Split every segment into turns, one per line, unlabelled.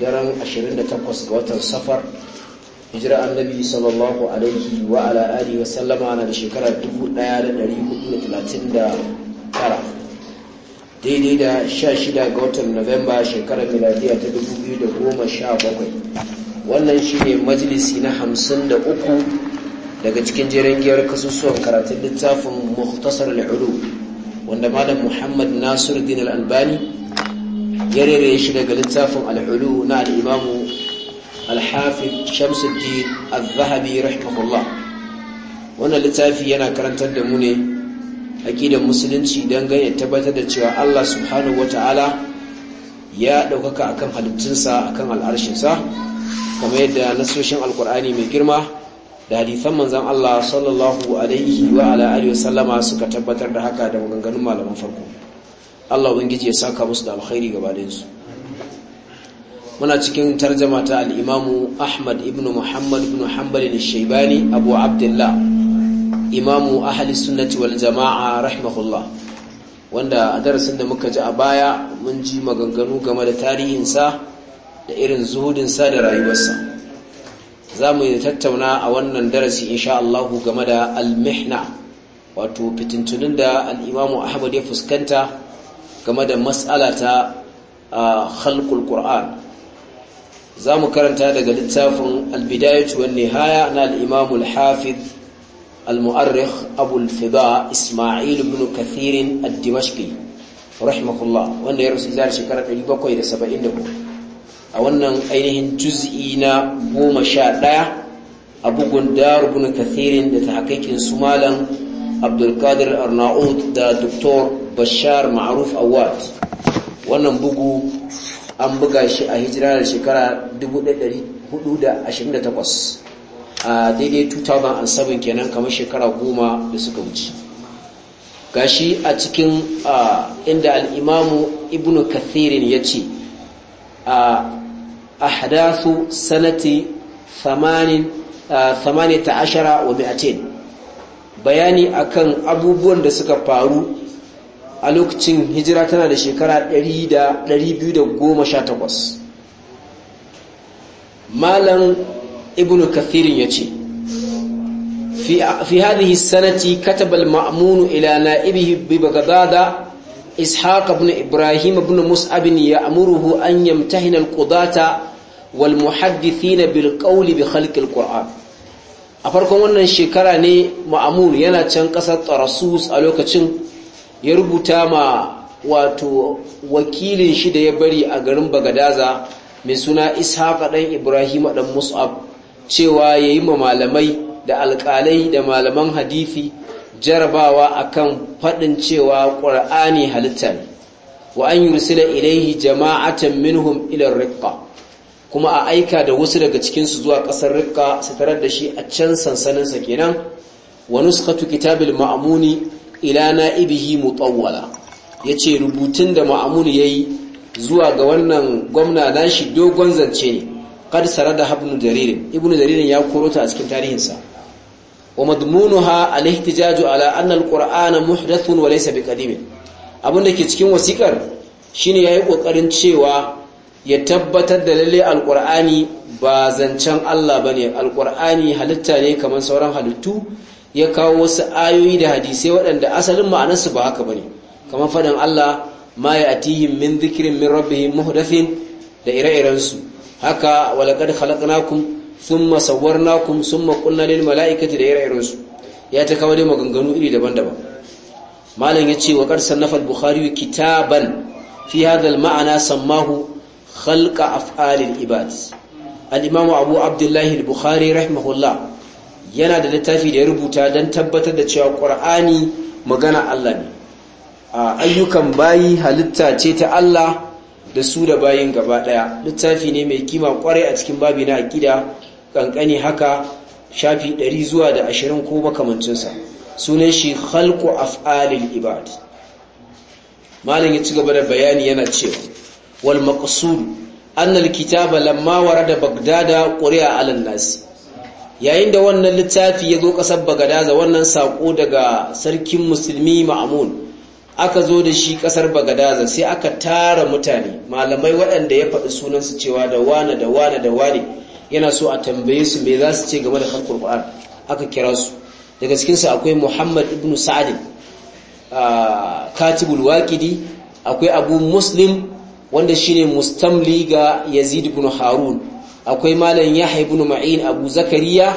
daren 28 ga watan safar hijira annabi sallallahu alaihi wa ala alihi wa sallama na da shekara 1439 daidai da 16 ga watan novemba shekarar miladiya ta 2017 wannan shine majalisi na 53 daga cikin jerin giyar kasusuwan karatun littafin muhtasar al'ulu wanda malam muhammad din al'albani ya rere shi daga littafin al'ulu na al'imamu alhafi hafid shamsuddin al-zahabi rahimahullah wannan littafi yana karantar da mu ne aƙidar musulunci don ganin tabbatar da cewa Allah subhanahu wata'ala ya ɗaukaka akan halittunsa akan al'arshinsa kamar yadda nasoshin alkur'ani mai girma da hadithan manzan Allah sallallahu alaihi wa ala alihi wasallama suka tabbatar da haka da maganganun malaman farko Allah ubangiji ya saka musu da alkhairi gabanin su muna cikin tarjama ta Al'imamu Ahmad ibn Muhammad ibn Hanbal al-Shaybani Abu Abdullah imamu ahli sunnati wal jama'a rahimahullah wanda a darasin da muka ji a baya mun ji maganganu game da tarihinsa da irin zuhudinsa da rayuwarsa za mu yi tattauna a wannan darasi insha Allah game da al almihna wato fitintunin da al'imamu Ahmad ya fuskanta game da matsalata a halkul qur'an za mu karanta daga littafin albidayatu wan nihaya na al-imam al-hafiz al-mu'arrikh abu al-fida isma'il ibn kathir ad-dimashqi wanda ya rasu zar shekara 774 a wannan ainihin juz'i na 11 a bugun dar ibn kathir da tahqiqin su malam abdul qadir arnaud da doktor bashar ma'aruf award wannan bugu an buga shi a hijira da shekara 1428 a daidai 2007 kenan kamar shekara goma da suka wuce gashi a cikin inda al'imamu ibn kathirin ya ce a hadasu sanati 18 wa 200 bayani akan abubuwan da suka faru a lokacin hijira tana da shekara 218 malam ibn kathirin ya ce fi hadhihi sanati kataba al-ma'mun ila na'ibihi bi baghdada ishaq ibn ibrahim ibn mus'ab ya'muruhu an yamtahina al-qudata wal muhaddithina bil qawli bi khalqi quran a farkon wannan shekara ne ma'mun yana can kasar tarasus a lokacin ya rubuta ma wato wakilin shi da ya bari a garin bagadaza mai suna ishaqa ɗan ibrahim ɗan mus'ab cewa ya yi ma malamai da alƙalai da malaman hadithi jarabawa akan faɗin cewa ƙur'ani halitta ne wa an ilaihi jama'atan minhum ilar rikka kuma a aika da wasu daga cikinsu zuwa ƙasar rikka su tarar da shi a can sansanin sa kenan wa nuskhatu kitabil ma'amuni? ila na'ibihi mutawwala yace rubutun da ma'mun yayi zuwa ga wannan gwamna nashi dogon zance ne qad sarada ibn jarir ibn jarir ya korota a cikin tarihinsa wa madmunuha al-ihtijaju ala anna al-qur'ana muhdathun wa laysa biqadimin da ke cikin wasikar shine yayi kokarin cewa ya tabbatar da lalle al al-Qur'ani ba zancen Allah bane al-Qur'ani halitta ne kamar sauran halittu ya kawo wasu ayoyi da hadisai waɗanda asalin ma'anarsu ba haka ba ne kamar faɗin Allah ma ya'tihim min dhikrin min rabbihim muhdathin da ire irensu su haka walaqad khalaqnakum thumma sawwarnakum thumma qulna lil mala'ikati da ire irensu ya ta kawo dai maganganu iri daban-daban malam ce wa qad sannafa bukhari kitaban fi hadha ma'ana sammahu khalqa af'alil ibad al imamu abu abdullah al-bukhari rahimahullah yana da littafi da ya rubuta don tabbatar da cewa ƙur'ani magana Allah ne A ayyukan bayi halitta ce ta Allah da su da bayin gaba ɗaya littafi ne mai kima ƙwarai a cikin babi na gida ƙanƙani haka shafi ɗari zuwa da ashirin ko makamancinsa sunan shi khalqu af'alil ibad malam ya ci gaba da bayani yana cewa wal maqsud anna al kitaba lamma warada bagdada ƙuri'a 'ala nasi. yayin da wannan littafi ya zo ƙasar bagadaza wannan saƙo daga sarkin musulmi ma'amun aka zo da shi ƙasar bagadaza sai aka tara mutane malamai waɗanda ya faɗi sunansu cewa da wane da wane da wane yana so a tambaye su mai za su ce game da harkar ƙwa'ar aka kira su daga cikinsu akwai muhammad ibn sa'adin katibul waƙidi akwai abu muslim wanda shine mustamli ga yazid ibn harun akwai malam yahya ibn ma'in abu zakariya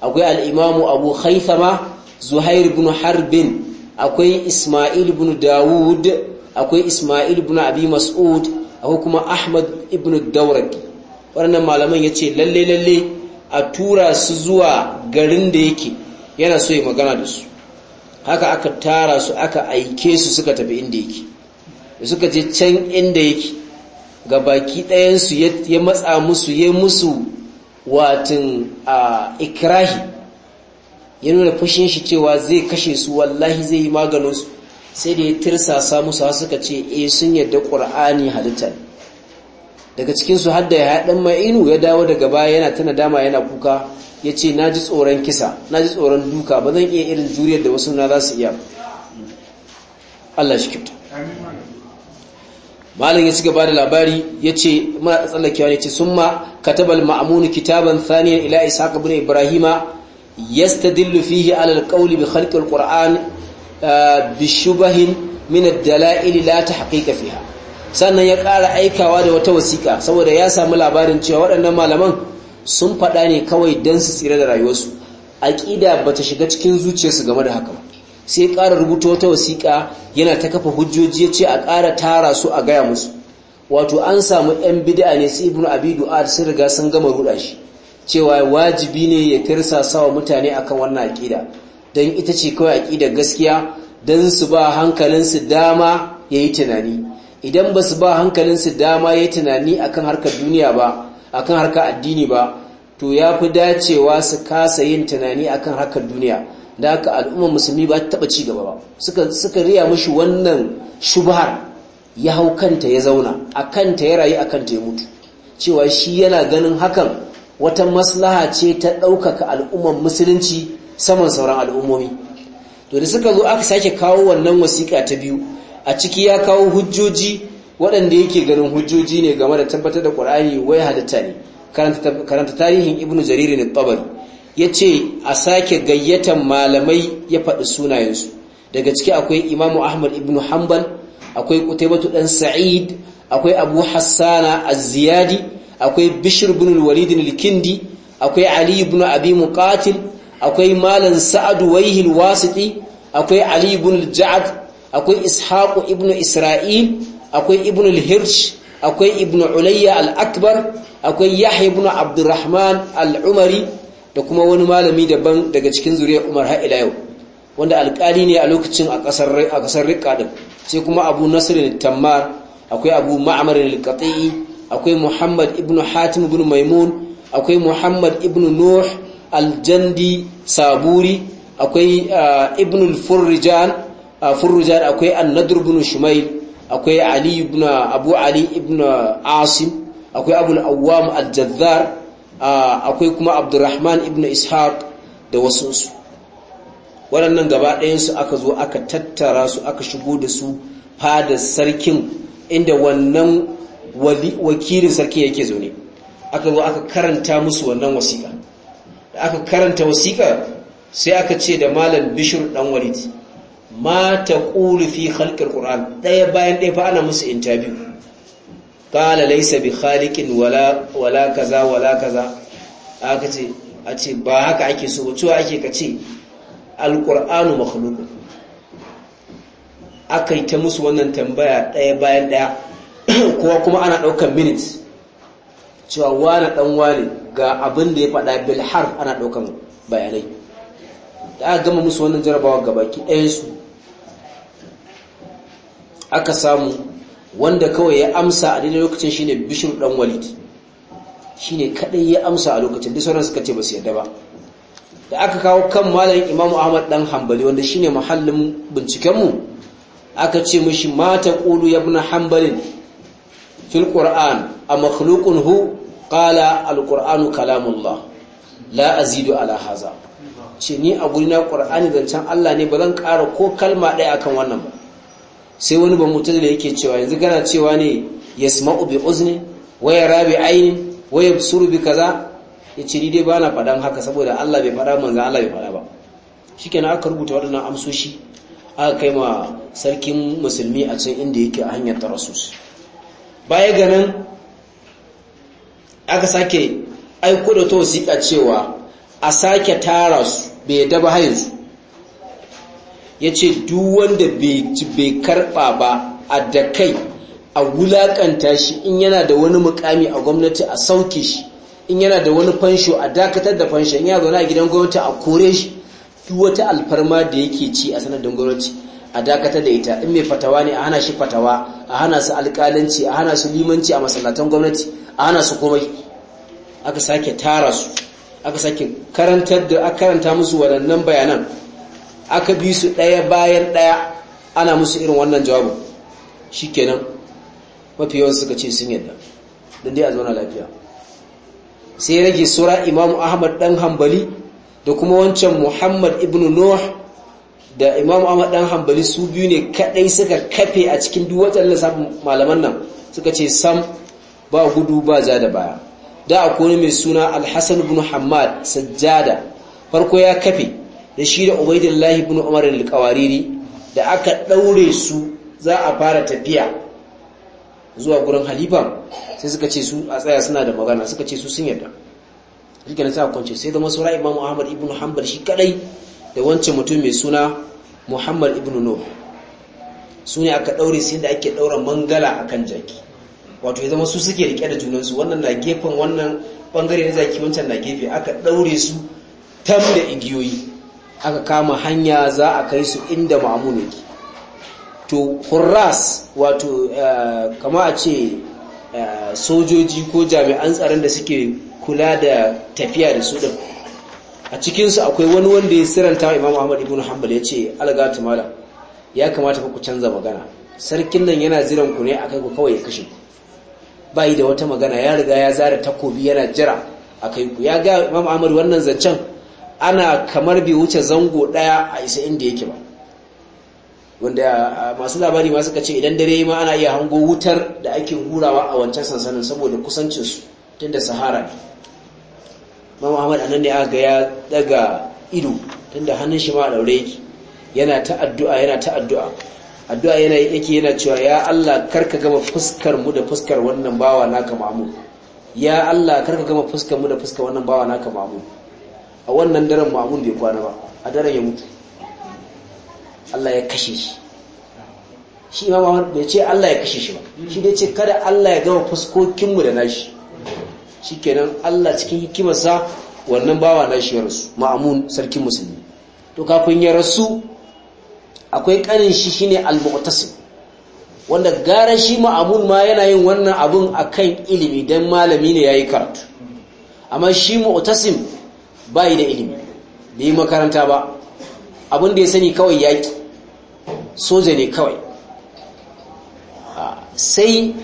akwai al-imam abu khaythama zuhair ibn harbin akwai isma'il ibn dawud akwai isma'il ibn abi mas'ud akwai kuma ahmad ibn dawraki waɗannan malaman yace lalle lalle a tura su zuwa garin da yake yana so ya magana da su haka aka tara su aka aike su suka tafi inda yake suka je can inda yake ga baki ɗayansu ya matsa musu ya musu watin a ikirahi ya nuna fushin shi cewa zai kashe su wallahi zai yi su sai da ya tirsasa musu har suka ce e sun yadda ƙur'ani halitta daga cikinsu har da ya haɗin ma'inu ya dawo daga baya yana ta dama yana kuka ya ce na ji tsoron kisa na ji tsoron duka ba zan iya irin juriyar da wasu na za su iya Allah shi kyauta malam ya ci gaba da labari ya ce muna tsallakewa ne ce sun ma katabal ma'amunu kitaban thaniyan ila ishaq bin ibrahima yastadillu fihi ala alqawli bi khalqi alquran uh, bi shubahin min ad-dala'il la tahqiqa fiha sannan ya ƙara aikawa da wata wasiƙa saboda ya samu labarin cewa waɗannan malaman sun faɗa ne kawai don su tsira da rayuwarsu aƙida bata shiga cikin zuciyarsu game da haka ba sai ƙara rubuta wata wasiƙa yana ta kafa hujjoji ya ce a ƙara tara su a gaya musu wato an samu 'yan bid'a ne su ibnu abi du'ad sun riga sun gama ruɗa shi cewa wajibi ne ya tirsa sawa mutane akan wannan aƙida don ita ce kawai aƙida gaskiya don su ba hankalinsu dama ya yi tunani idan ba su ba hankalinsu dama ya yi tunani akan harkar duniya ba akan harkar addini ba to ya fi dacewa su kasa yin tunani akan harkar duniya da haka al'ummar musulmi ba ta taɓa ci gaba ba suka suka riya mashi wannan shubhar ya hau kanta ya zauna a kanta ya rayu a kanta ya mutu cewa shi yana ganin hakan wata maslaha ce ta ɗaukaka al'ummar musulunci saman sauran al'ummomi to da suka zo aka sake kawo wannan wasiƙa ta biyu a ciki ya kawo hujjoji waɗanda yake ganin hujjoji ne game da tabbatar da ƙur'ani wai halitta ne karanta tarihin ibnu jarir ne tabari ya ce a sake gayyatan malamai ya faɗi sunayensu daga ciki akwai imamu ahmad ibn hanbal akwai kutaibatu ɗan sa'id akwai abu hassana az-ziyadi akwai bishir bin walid al akwai ali ibn abi muqatil akwai malan sa'ad waihil wasiɗi wasiti akwai ali ibn al akwai ishaq ibn isra'il akwai ibn al-hirsh akwai ibn ulayya al-akbar akwai yahya ibn abdurrahman al-umari da kuma wani malami daban daga cikin zuriyar Umar har ila yau wanda alƙali ne a lokacin a ƙasar a ƙasar Riqqa din sai kuma Abu Nasr al-Tammar akwai Abu Ma'mar al-Qati'i akwai Muhammad ibn Hatim ibn Maimun akwai Muhammad ibn Nuh al-Jandi Saburi akwai uh, ibn al-Furrijan uh, Furrijan akwai An-Nadr ibn Shumayl akwai Ali ibn Abu Ali ibn Asim akwai Abu al-Awwam al-Jazzar akwai kuma abdurrahman ibn ishaq da wasunsu waɗannan gaba ɗayansu aka zo aka tattara su aka shigo da su fada sarkin inda wannan wakilin sarkin yake zaune aka zo aka karanta musu wannan wasiƙa da aka karanta wasiƙa sai aka ce da malam bishir dan walid ma ta ƙulu fi ƙur'an ɗaya bayan ɗaya fa ana musu intabiyu qala laisa bi khaliqin wala wala kaza wala kaza aka ce a ce ba haka ake so ba cewa ake kace alqur'anu makhluq aka yi ta musu wannan tambaya ɗaya bayan ɗaya ko kuma ana ɗaukar minutes cewa wani ɗan wani ga abin da ya faɗa bilhar ana ɗaukar bayanai da aka gama musu wannan jarabawa ga baki su aka samu wanda kawai ya amsa a daidai lokacin shine bishir dan walid shine kadai ya amsa a lokacin duk suka ce ba su yarda ba da aka kawo kan malayin imamu ahmad dan hambali wanda shine mahallin bincikenmu aka ce mashi mata qulu ya bina Hambalin. fil qur'an a makhlukun hu ƙala Alƙur'anu kalamullah la azidu ala haza ce ni a gurina qur'ani zancen Allah ne ba zan ƙara ko kalma ɗaya akan wannan ba sai wani ba da yake cewa yanzu kana cewa ne yasma'u bi uzni waya rabi bi waya suru bi kaza ya ciri dai bana faɗan haka saboda Allah bai fada manzo Allah bai fada ba shi kenan aka rubuta waɗannan amsoshi aka kai ma sarkin musulmi a can inda yake a hanyar ta rasu baya ga nan aka sake aiko da ta wasiƙa cewa a sake tara su bai daba ya ce duk wanda bai karɓa ba a da kai a wulaƙanta shi in yana da wani mukami a gwamnati a sauke shi in yana da wani fansho a dakatar da fansho in yana zaune a gidan gwamnati a kore shi duk wata alfarma da yake ci a sanadin gwamnati a dakatar da ita in mai fatawa ne a hana shi fatawa a hana su alƙalanci a hana su limanci a masallatan gwamnati a hana su komai aka sake tara su aka sake karantar karanta musu waɗannan bayanan aka bi su ɗaya bayan ɗaya ana musu irin wannan jawabin shikenan mafi yawan suka ce sun yadda don dai a zauna lafiya sai rage sura imamu ahmad dan hambali da kuma wancan muhammad ibn nuh da imamu ahmad dan hambali su biyu ne kadai suka kafe a cikin duk wata lissafin malaman nan suka ce sam ba gudu ba za da baya da akwai mai suna alhassan ibn hamad sajjada farko ya kafe da shi da Ubaidillah ibn Umar al-Qawariri da aka daure su za a fara tafiya zuwa gurin halifa sai suka ce su a tsaya suna da magana suka ce su sun yarda shi kenan sai kwance sai da masaura Imam Ahmad ibn Hanbal shi kadai da wancan mutum mai suna Muhammad ibn Nuh su ne aka daure sai da ake daura mangala akan jaki wato ya zama su suke rike da junansu wannan na gefen wannan bangare na zaki wancan na gefe aka daure su tam da igiyoyi aka kama hanya za a kai su inda ma'amun yake to hurras wato eh, kama a ce eh, sojoji ko jami'an tsaron da suke kula da tafiya da su din a cikinsu akwai wani wanda ya siranta wa imam ahmad ibn hanbal ya ce algatu mala ya kamata ku canza magana sarkin nan yana ziran ku ne akai ku kawai ya kashe ku bai da wata magana ya riga ya zara takobi yana jira akai ku ya ga imam ahmad wannan zancen ana kamar bai wuce zango daya a isa inda yake ba wanda masu labari ma suka ce idan dare ma ana iya hango wutar da ake hurawa a wancan sansanin saboda kusancinsu tunda sahara ne muhammad ahmad anan ne aka ya daga ido tunda hannun shi ma daure yake yana ta addu'a yana ta addu'a addu'a yana yake yana cewa ya Allah karka gama fuskar mu da fuskar wannan bawa naka mamu ya Allah karka gama fuskar mu da fuskar wannan bawa naka mamu a wannan daren da bai kwana ba a daren ya mutu Allah ya kashe shi shi ma ya ce Allah ya kashe shi ba shi dai ce kada Allah ya gama fuskokinmu da nashi shikenan Allah cikin hikimarsa wannan bawa nashi ya rasu ma'amun sarkin musulmi to kafin ya rasu akwai kanin shi shine al-mu'tasim wanda gara shi ma'amun ma yana yin wannan abun akan ilimi dan malami ne yayi karatu amma shi mu'tasim Ba yi da ilimi bai yi makaranta ba abin da ya sani kawai yaƙi soja ne kawai ah, sai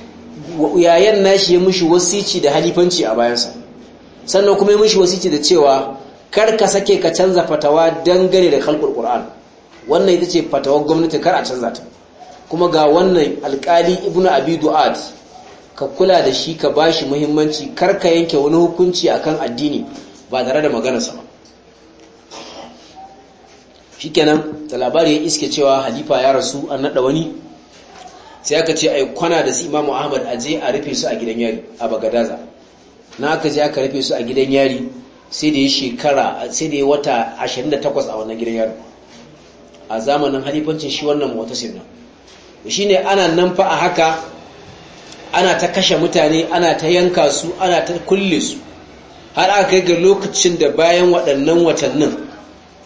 yayan nashi ya mushi wasici da halifanci a bayansa sannan kuma ya mushi wasici da cewa kar ka sake ka canza fatawa dangane da kalkul wannan ita ce fatawar gwamnati kar a canza ta kuma ga wannan alkali Ibn abi du'ad ka kula da shi ka bashi muhimmanci kar ka yanke wani hukunci akan addini ba tare da maganarsa ba shi kenan da labari ya iske cewa halifa ya rasu an naɗa wani sai aka ce ai kwana da su imamu ahmad a je a rufe su a gidan yari a bagadaza na aka je aka rufe su a gidan yari sai da ya shekara sai da ya wata 28 a wannan gidan yari a zamanin halifancin shi wannan mutasir shi ne ana nan fa a haka ana ta kashe mutane ana ta yanka su ana ta kulle su har aka kai ga lokacin da bayan waɗannan watannin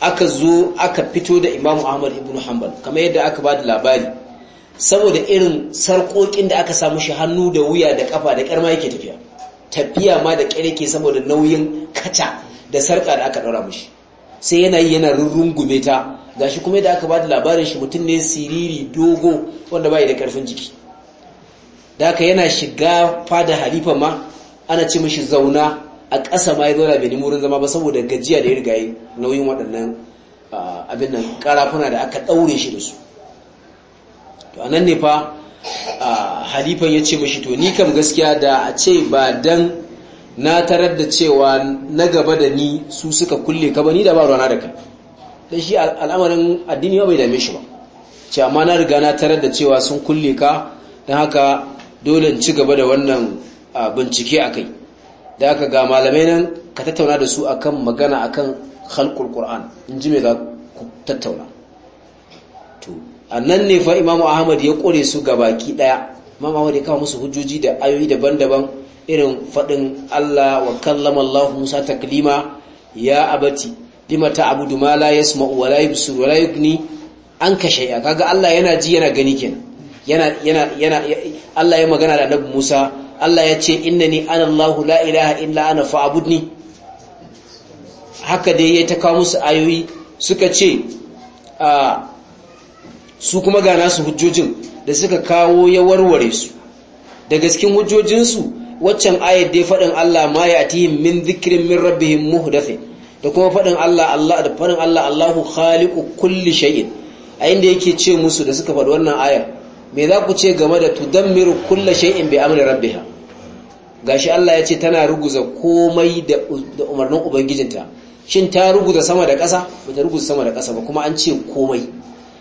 aka zo aka fito da imamu ahmad ibn hanbal kamar yadda aka ba da labari saboda irin sarƙoƙin da aka samu shi hannu da wuya da ƙafa da ƙarma yake tafiya tafiya ma da ƙyar yake saboda nauyin kaca da sarƙa da aka ɗaura mashi sai yana yi yana rurrungume ta gashi kuma yadda aka ba da labarin shi mutum ne siriri dogo wanda bai da ƙarfin jiki da aka yana shiga fada halifa ma ana ce mashi zauna a ƙasa ma ya zauna bai nemi wurin zama ba saboda gajiya da ya riga yi nauyin waɗannan abin nan ƙarafuna da aka ɗaure shi da su to a nan ne fa halifan ya ce mashi to ni kam gaskiya da a ce ba dan na tarar da cewa na gaba da ni su suka kulle ka ba ni da ba rana da kai da shi al'amarin addini ba bai dame shi ba ce amma na riga na tarar da cewa sun kulle ka don haka dole ci gaba da wannan bincike a kai da aka ga malamai nan ka tattauna da su akan magana akan halkul qur'an in ji me za ku tattauna to annan ne fa imamu ahmad ya kore su gabaki daya imamu ahmad ya kawo musu hujjoji da ayoyi daban-daban irin fadin Allah wa kallama Allah Musa taklima ya abati lima ta'budu ma la yasma'u wa la yubsiru wa la an kashe ya kaga Allah yana ji yana gani kenan yana yana yana Allah ya magana da Annabi Musa Allah ya ce ni ana Allah la ilaha illa ana fa'abudni haka dai ya ta kawo musu ayoyi suka ce su kuma ga nasu hujjojin da suka kawo ya warware su daga cikin hujjojinsu waccan ayat dai faɗin Allah ma ya atihim min zikirin min rabbihim muhdathin da kuma faɗin Allah Allah da faɗin Allah Allahu khaliqu kulli shay'in a inda yake ce musu da suka faɗi wannan aya me za ku ce game da tudammiru kulli shay'in bi amri rabbiha gashi Allah ya ce tana ruguza komai da umarnin ubangijinta shin ta ruguza sama da ƙasa ba ta ruguza sama da ƙasa ba kuma an ce komai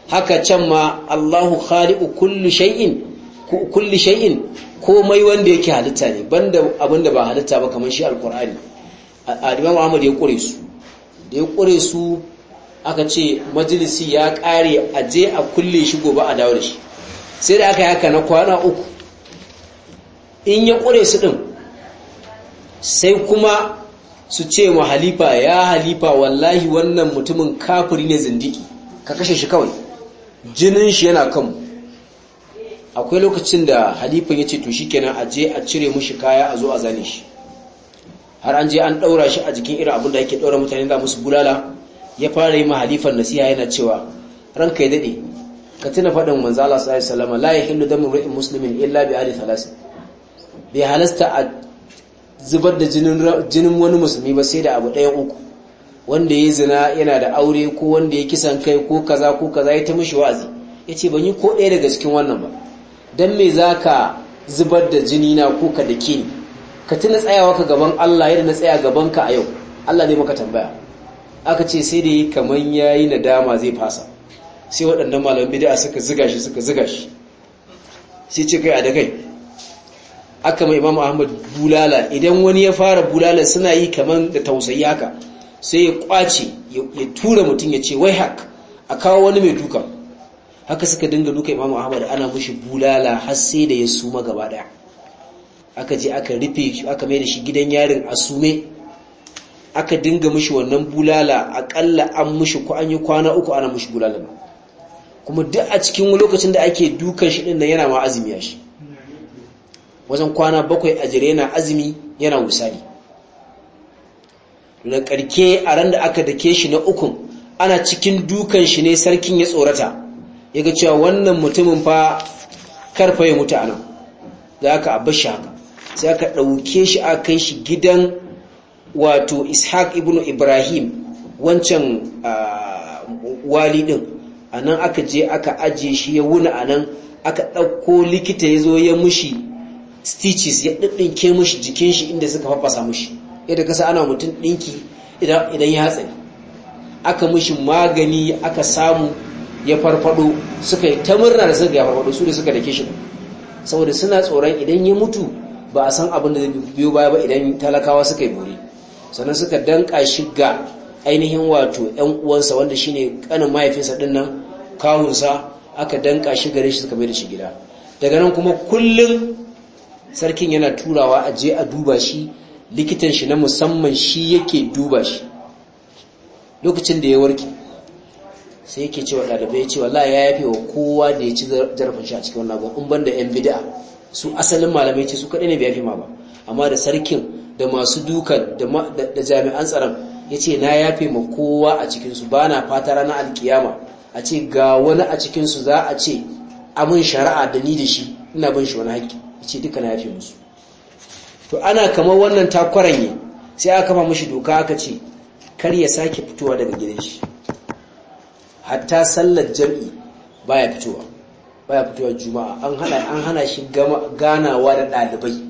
haka can ma Allahu khaliqu kulli shay'in kulli shay'in komai wanda yake halitta ne banda abinda ba halitta ba kamar shi alqur'ani Imam Ahmad ya kure su da ya kure su aka ce majalisi ya kare a je a kulle shi gobe a dawo da shi sai da aka yi haka na kwana uku in ya kure su din sai kuma su ce ma halifa ya halifa wallahi wannan mutumin kafuri ne zindiki ka kashe shi kawai jinin shi yana kan akwai lokacin da halifan ya ce to shi kenan a je a cire mushi kaya a zo a zane shi har an je an ɗaura shi a jikin irin abin da yake ɗaura mutane da musu bulala ya fara yi ma halifan nasiha yana cewa ranka ya daɗe ka tuna faɗin manzala sallallahu alaihi wasallam la yahillu damu ri'in muslimin illa bi ali thalas bi halasta zubar da jinin wani musulmi ba sai da abu ɗaya uku wanda ya zina yana da aure ko wanda ya kisan kai ko kaza ko kaza ya ta mishi wa'azi ya ce ban yi ko ɗaya daga cikin wannan ba don me za ka zubar da jini na ko ka da ke ka tuna tsayawa ka gaban Allah yadda na tsaya gaban ka a yau Allah ne maka tambaya aka ce sai da kamar ya yi dama zai fasa sai waɗannan malamai bid'a suka ziga shi suka ziga shi sai ce kai a da kai aka mai imamu ahmad bulala idan wani ya fara bulala suna yi kaman da tausayi haka sai ya kwace ya tura mutum ya ce wai hak a kawo wani mai duka haka suka dinga duka imamu ahmad ana mushi bulala har sai da ya suma gaba daya aka je aka rufe shi aka mai da shi gidan yarin a sume aka dinga mushi wannan bulala akalla an mushi ko an yi kwana uku ana mushi bulala kuma duk a cikin lokacin da ake dukan shi din nan yana ma azumi ya shi wajen kwana bakwai a jere na azumi yana misali da karke a ran da aka dake shi na ukun ana cikin dukan shi ne sarkin ya tsorata ya ga cewa wannan mutumin fa karfa ya mutu a nan da aka abba shi haka sai aka ɗauke shi a kai shi gidan wato ishaq ibn ibrahim wancan wali ɗin a nan aka je aka ajiye shi ya wuni a nan aka ɗauko likita ya zo ya mushi stitches ya ɗinke mashi jikin shi inda suka fafasa mashi yadda kasa ana mutum ɗinki idan ya hatsari aka mashi magani aka samu ya farfado suka yi ta murna da suka ya farfado su da suka dake shi saboda suna tsoron idan ya mutu ba a san abin da zai biyo baya ba idan talakawa suka yi bori sannan suka danka shi ga ainihin wato yan uwansa wanda shine kanin mahaifinsa din nan kawunsa aka danka shi gare shi suka mai da shi gida daga nan kuma kullum sarkin yana turawa a je a duba shi likitan shi na musamman shi yake duba shi lokacin da ya warke sai yake cewa ɗalibai cewa la ya yafe wa kowa da ya ci zarafin shi a cikin wannan abin in ban da 'yan bida su asalin malamai ce su kaɗai ne bai yafe ma ba amma da sarkin da masu dukan da jami'an tsaron ya ce na yafe ma kowa a cikinsu ba na fata ranar alkiyama a ce ga wani a cikinsu za a ce amin shari'a da ni da shi ina bin shi wani haƙƙi ce duka na yafe musu to ana kamar wannan takwaran ya sai aka kama mashi doka aka ce kar ya sake fitowa daga gidan shi hatta sallar jami'i baya fitowa baya fitowa juma'a an hana an hana shi ganawa da dalibai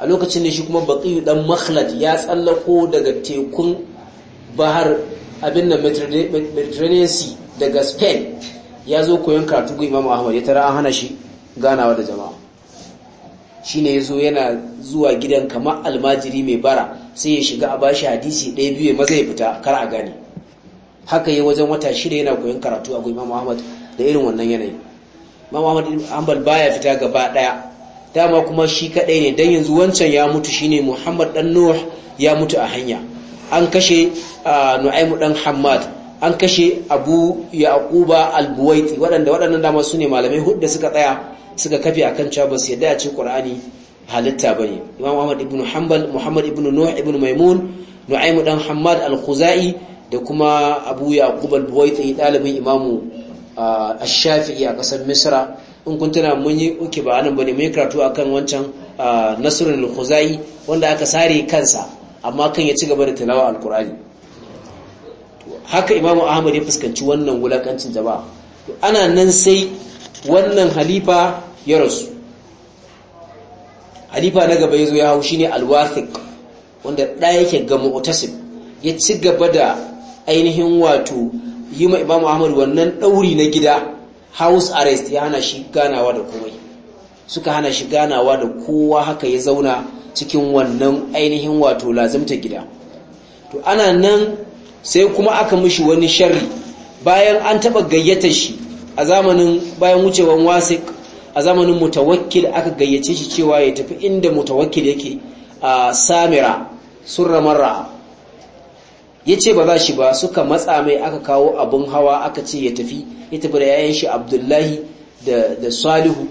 a lokacin ne shi kuma baqiyu dan makhlad ya tsallako daga tekun bahar abin da mediterranean daga spain ya zo koyon karatu ga imamu ahmad ya tara an hana shi ganawa da jama'a Shi ne ya zo yana zuwa gidan kamar almajiri mai bara sai ya shiga a bashi hadisi ɗaya biyu maza ya fita kar a gane haka yi wajen wata shida yana koyon karatu a gurin Imam Ahmad da irin wannan yanayi Imam Ahmad baya fita gaba ɗaya dama kuma shi kaɗai ne don yanzu wancan ya mutu shine Muhammad ɗan Nuh ya mutu a hanya an kashe ah, Nu'aimu ɗan Hammad an kashe abu yaquba al-buwaiti waɗanda waɗannan dama su ne malamai hudu da suka tsaya suka kafe akan cewa ba su yadda a ce qur'ani halitta bane imam ahmad ibn hanbal muhammad ibn nuh ibn maimun nu'aim dan Hamad al-khuzai da kuma abu ya al albuwaiti dalibin imamu ash-shafi'i a kasar misra in kun tana mun yi uke ba nan bane mun yi karatu akan wancan nasrul khuzai wanda aka sare kansa amma kan ya ci gaba da tilawa al-qur'ani haka imamu ahmad ya fuskanci wannan wulakancin jaba ana nan sai wannan halifa ya rasu halifa na gaba ya zo ya hau shi shine alwathiq wanda ɗaya yake ga mu'tasim ya ci gaba da ainihin wato yi ma imamu ahmad wannan ɗauri na gida house arrest ya hana shi ganawa da komai suka hana shi ganawa da kowa haka ya zauna cikin wannan ainihin wato lazimta gida to ana nan sai kuma aka mishi wani sharri bayan an taba gayyata shi a zamanin bayan wucewan wasik a zamanin mutawakkil aka gayyace shi cewa ya tafi inda mutawakkil yake a samira surra marra ya ce ba za shi ba suka matsa mai aka kawo abin hawa aka ce ya tafi ya tafi da yayan shi abdullahi da salihu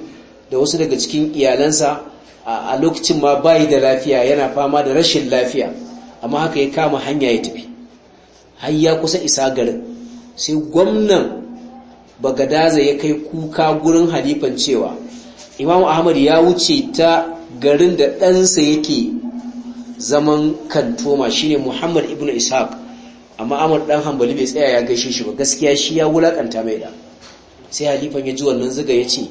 da wasu daga cikin iyalansa a lokacin ma bayi da lafiya yana fama da rashin lafiya amma haka ya kama hanya ya tafi har ya kusa isa garin sai gwamnan bagadaza ya kai kuka gurin halifan cewa imamu ahmad ya wuce ta garin da ɗansa yake zaman kantoma shine muhammad ibn ishaq amma amur dan hambali bai tsaya ya gaishe shi ba gaskiya shi ya wulaƙanta mai da sai halifan ya ji wannan zuga ya ce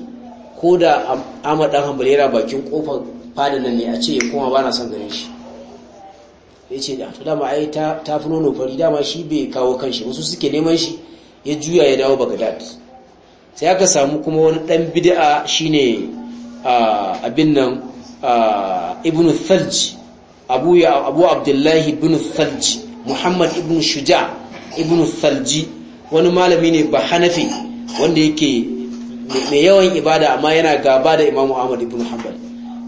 ko da amur dan hambali yana bakin kofar fadin nan ne a ce ya koma ba na son ganin shi ya ce da to dama ai ta fi nono fari dama shi bai kawo kanshi wasu suke neman shi ya juya ya dawo bagdad sai aka samu kuma wani dan bid'a shine abin nan ibnu thalj abu ya abu abdullahi Ibn thalj muhammad Ibn shuja Ibn thalji wani malami ne ba hanafi wanda yake mai yawan ibada amma yana gaba da imamu ahmad ibn hanbal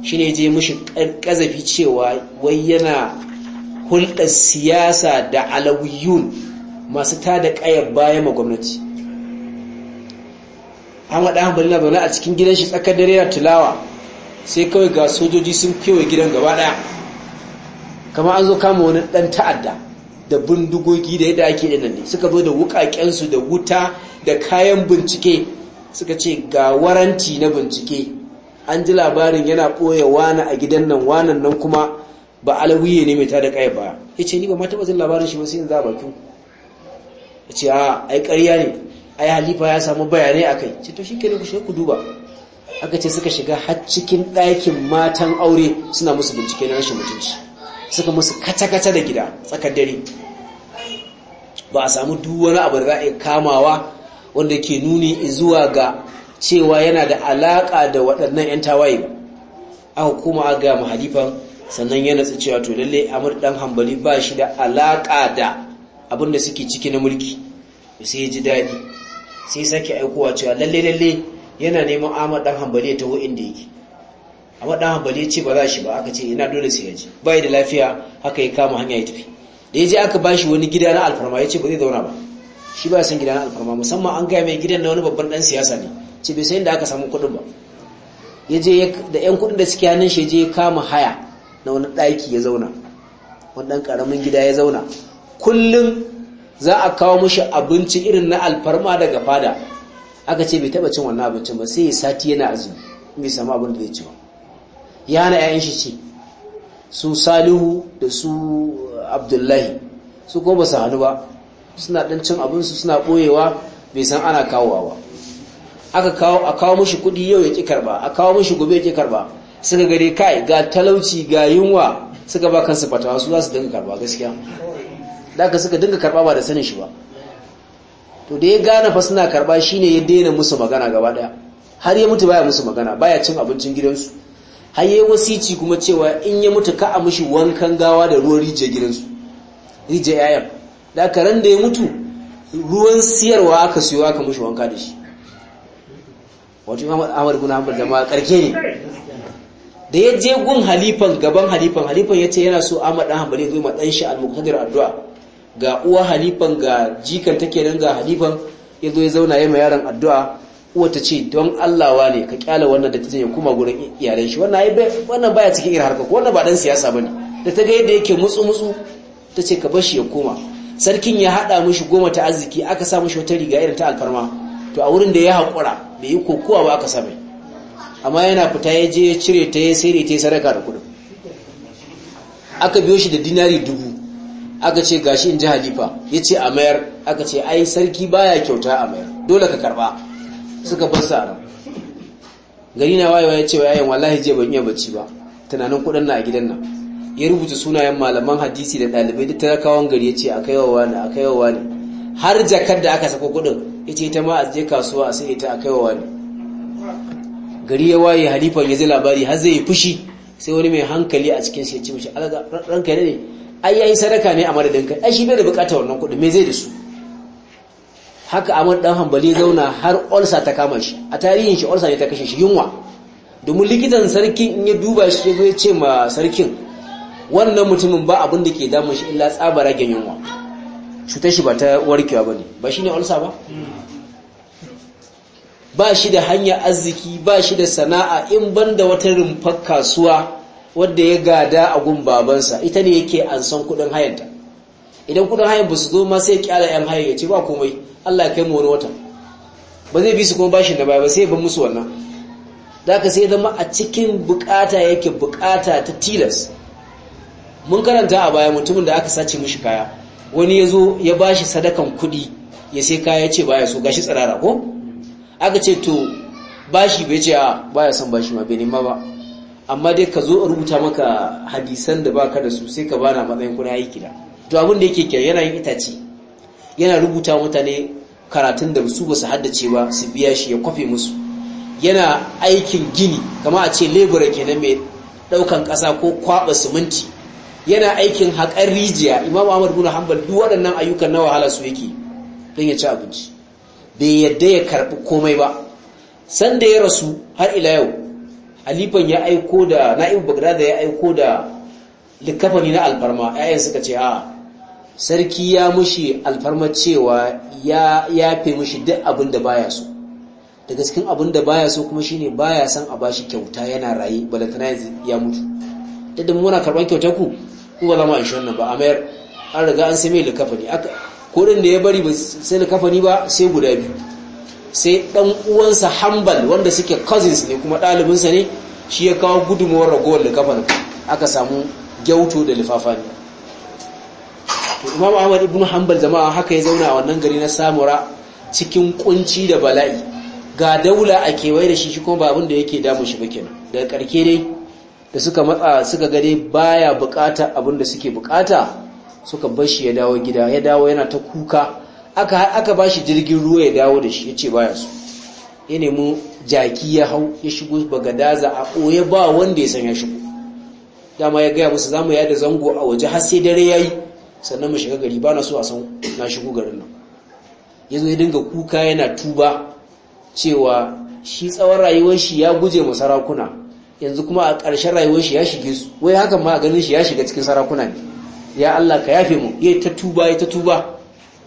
shine je mushi kazafi cewa wai yana hulɗar siyasa da alawiyun masu tada ƙayar bayan ma gwamnati an ahmad ahmad na zaune a cikin gidan shi tsakar dare na tulawa sai kawai ga sojoji sun kewaye gidan gaba ɗaya kamar an zo kama wani ɗan ta'adda da bindigogi da yadda ake ɗin ne suka zo da wuƙaƙensu da wuta da kayan bincike suka ce ga waranti na bincike an ji labarin yana ɓoye wani a gidan nan wanan nan kuma ba alawiye ne mai tada kai baya yace ni ba mata bazin labarin shi ba yin in za bakin yace a ai ƙarya ne a yi halifa ya samu bayanai a akai ce to kere ku shi ku duba aka ce suka shiga har cikin ɗakin matan aure suna musu bincike na rashin mutunci suka musu kata-kata da gida tsakar dare ba a samu duk wani abu da za a iya kamawa wanda ke nuni zuwa ga cewa yana da alaƙa da waɗannan 'yan tawaye ba aka kuma a ga mahalifan sannan ya natsu cewa to lalle amur dan hambali ba shi da alaka da abinda suke ciki na mulki sai ya ji daɗi sai sake aikowa cewa lalle lalle yana neman amur dan hambali ya taho inda yake amur dan hambali ce ba za shi ba aka ce ina dole sai ya ji ba da lafiya haka ya kama hanya ya tafi da ya je aka bashi wani gida na alfarma ya ce ba zai zauna ba shi ba san gida na alfarma musamman an gaya mai gidan na wani babban dan siyasa ne ce bai san inda aka samu kuɗin ba ya je da yan kuɗin da suke hannun shi je kama haya na wani ɗaki ya zauna wannan ƙaramin gida ya zauna kullum za a kawo mushi abinci irin na alfarma daga fada aka ce bai taɓa cin wannan abincin ba sai ya sati yana azumi bai samu abin da ya ci ba ya na 'ya'yan shi ce su salihu da su uh, abdullahi su ko ba su hannu ba suna ɗan cin abinsu suna ɓoyewa bai san ana kawowa ba aka kawo a kawo mushi kuɗi yau ya ƙi karɓa a kawo mushi gobe ya ƙi karɓa suka gare kai ga talauci ga yunwa suka ba kansu fatawa su za su dinga karba gaskiya da ka suka dinga karba ba da sanin shi ba to da ya gane fa suna karba shine ya daina musu magana gaba daya har ya mutu baya musu magana baya cin abincin gidansu har yayi wasici kuma cewa in ya mutu ka a mushi wankan gawa da ruwan rije gidansu rije yayan da ran da ya mutu ruwan siyarwa aka siyo aka mushi wanka da shi wato amma Ahmad bin jama'a karke ne da ya je gun halifan gaban halifan halifan ya ce yana so Ahmad dan Hanbali zai ma dan shi al-Muqtadir addu'a ga uwa halifan ga jikan take nan ga halifan ya zo ya zauna yayin yaron addu'a uwa ta ce don Allah wane ka kyala wannan da ta ya kuma gurin iyalen shi wannan baya cikin irin harkar wannan ba dan siyasa bane da ta ga yadda yake mutsu mutsu ta ce ka bar shi ya koma sarkin ya hada mishi goma ta arziki aka sa mishi wata riga irin ta alfarma to a wurin da ya haƙura bai yi kokowa ba aka sa amma yana fita ya je ya cire ta ya sai ta sadaka da kudin aka biyo shi da dinari dubu aka ce gashi in ji halifa ya ce a mayar aka ce ai sarki baya kyauta a mayar dole ka karba suka bar sa ran gari na wayewa ya ce wa yayin wallahi je ban iya bacci ba tunanin kudin na a gidan nan ya rubuta sunayen malaman hadisi da dalibai da talakawan gari ya ce a kaiwa wani a kaiwa wani har jakar da aka sako kudin ita ita ma a je kasuwa a sai ita a kaiwa wani gari ya waye halifa ya zai labari har zai fushi sai wani mai hankali a cikin shi ya ce mishi alaga ranka ne ai yayi sadaka ne a madadin kai ai shi bai da bukatar wannan kudi me zai da su haka Ahmad dan Hanbali zauna har olsa ta kama shi a tarihin shi olsa ne ta kashe shi yunwa domin likitan sarki in ya duba shi ya ce ma sarkin wannan mutumin ba abin da ke damun shi illa tsabara gen yunwa cutar shi ba ta warkewa ba ne ba shi ne olsa ba ba shi da hanyar arziki ba shi da sana'a in banda wata rumfar kasuwa wadda ya gada a gun babansa ita ne yake ansan kudin hayanta idan kudin hayan ba su zo ma sai kyala yan hayan ya ce ba komai Allah ya kai mu wani wata ba zai bi su kuma bashi da baya ba sai ya ban musu wannan da ka sai zama a cikin bukata yake bukata ta tilas mun karanta a baya mutumin da aka sace mishi kaya wani ya zo ya bashi sadakan kudi ya sai kaya ya ce baya so gashi tsirara ko aka ce to bashi bai ce a baya son bashi ma bai ma ba amma dai ka zo a rubuta maka hadisan da baka da su sai ka bana matsayin kuna aiki da to abin da yake kyan yana yin itace yana rubuta mutane karatun da su basu haddace ba su biya shi ya kwafe musu yana aikin gini kama a ce lebura kenan mai daukan kasa ko kwaba siminti yana aikin haƙar rijiya imam ahmad guna hanbal duk waɗannan ayyukan na wahala su yake don ya ci abinci bai yadda ya karbi komai ba sanda ya rasu har ila yau halifan ya aiko da na'ibu bagdada ya aiko da likafani na alfarma 'ya'yan suka ce a sarki ya mushi alfarma cewa ya yafe mushi duk abin da baya so daga cikin abin da baya so kuma shine baya son a bashi kyauta yana raye balantana ya mutu da muna karban kyautar ku ku ba za mu shi wannan ba a mayar an riga an sami likafani kuɗin da ya bari ba sai da kafani ba sai guda biyu sai ɗan uwansa hambal wanda suke cousins ne kuma ɗalibinsa ne shi ya kawo gudunmuwar ragowar da kafanin aka samu gyauto da To imam ahmad ibn hanbal jama'a haka ya zauna a wannan gari na samura cikin kunci da bala'i ga daula a kewaye da shi shi kuma ba da yake damu shi ba daga karke dai da suka matsa suka gade dai baya bukata abin da suke bukata suka bar shi ya dawo gida ya dawo yana ta kuka aka aka bashi jirgin ruwa ya dawo da shi yace baya su ya nemi jaki ya hau ya shigo bagadaza a koye ba wanda ya san ya shigo dama ya gaya musu zamu yada zango a waje har sai dare yayi sannan mu shiga gari ba na so a san na shigo garin nan yazo ya dinga kuka yana tuba cewa shi tsawon rayuwar shi ya guje mu sarakuna yanzu kuma a ƙarshen rayuwar shi ya shige su wai haka ma ganin shi ya shiga cikin sarakuna ne ya Allah ka yafe mu yayi ta tuba yayi ta tuba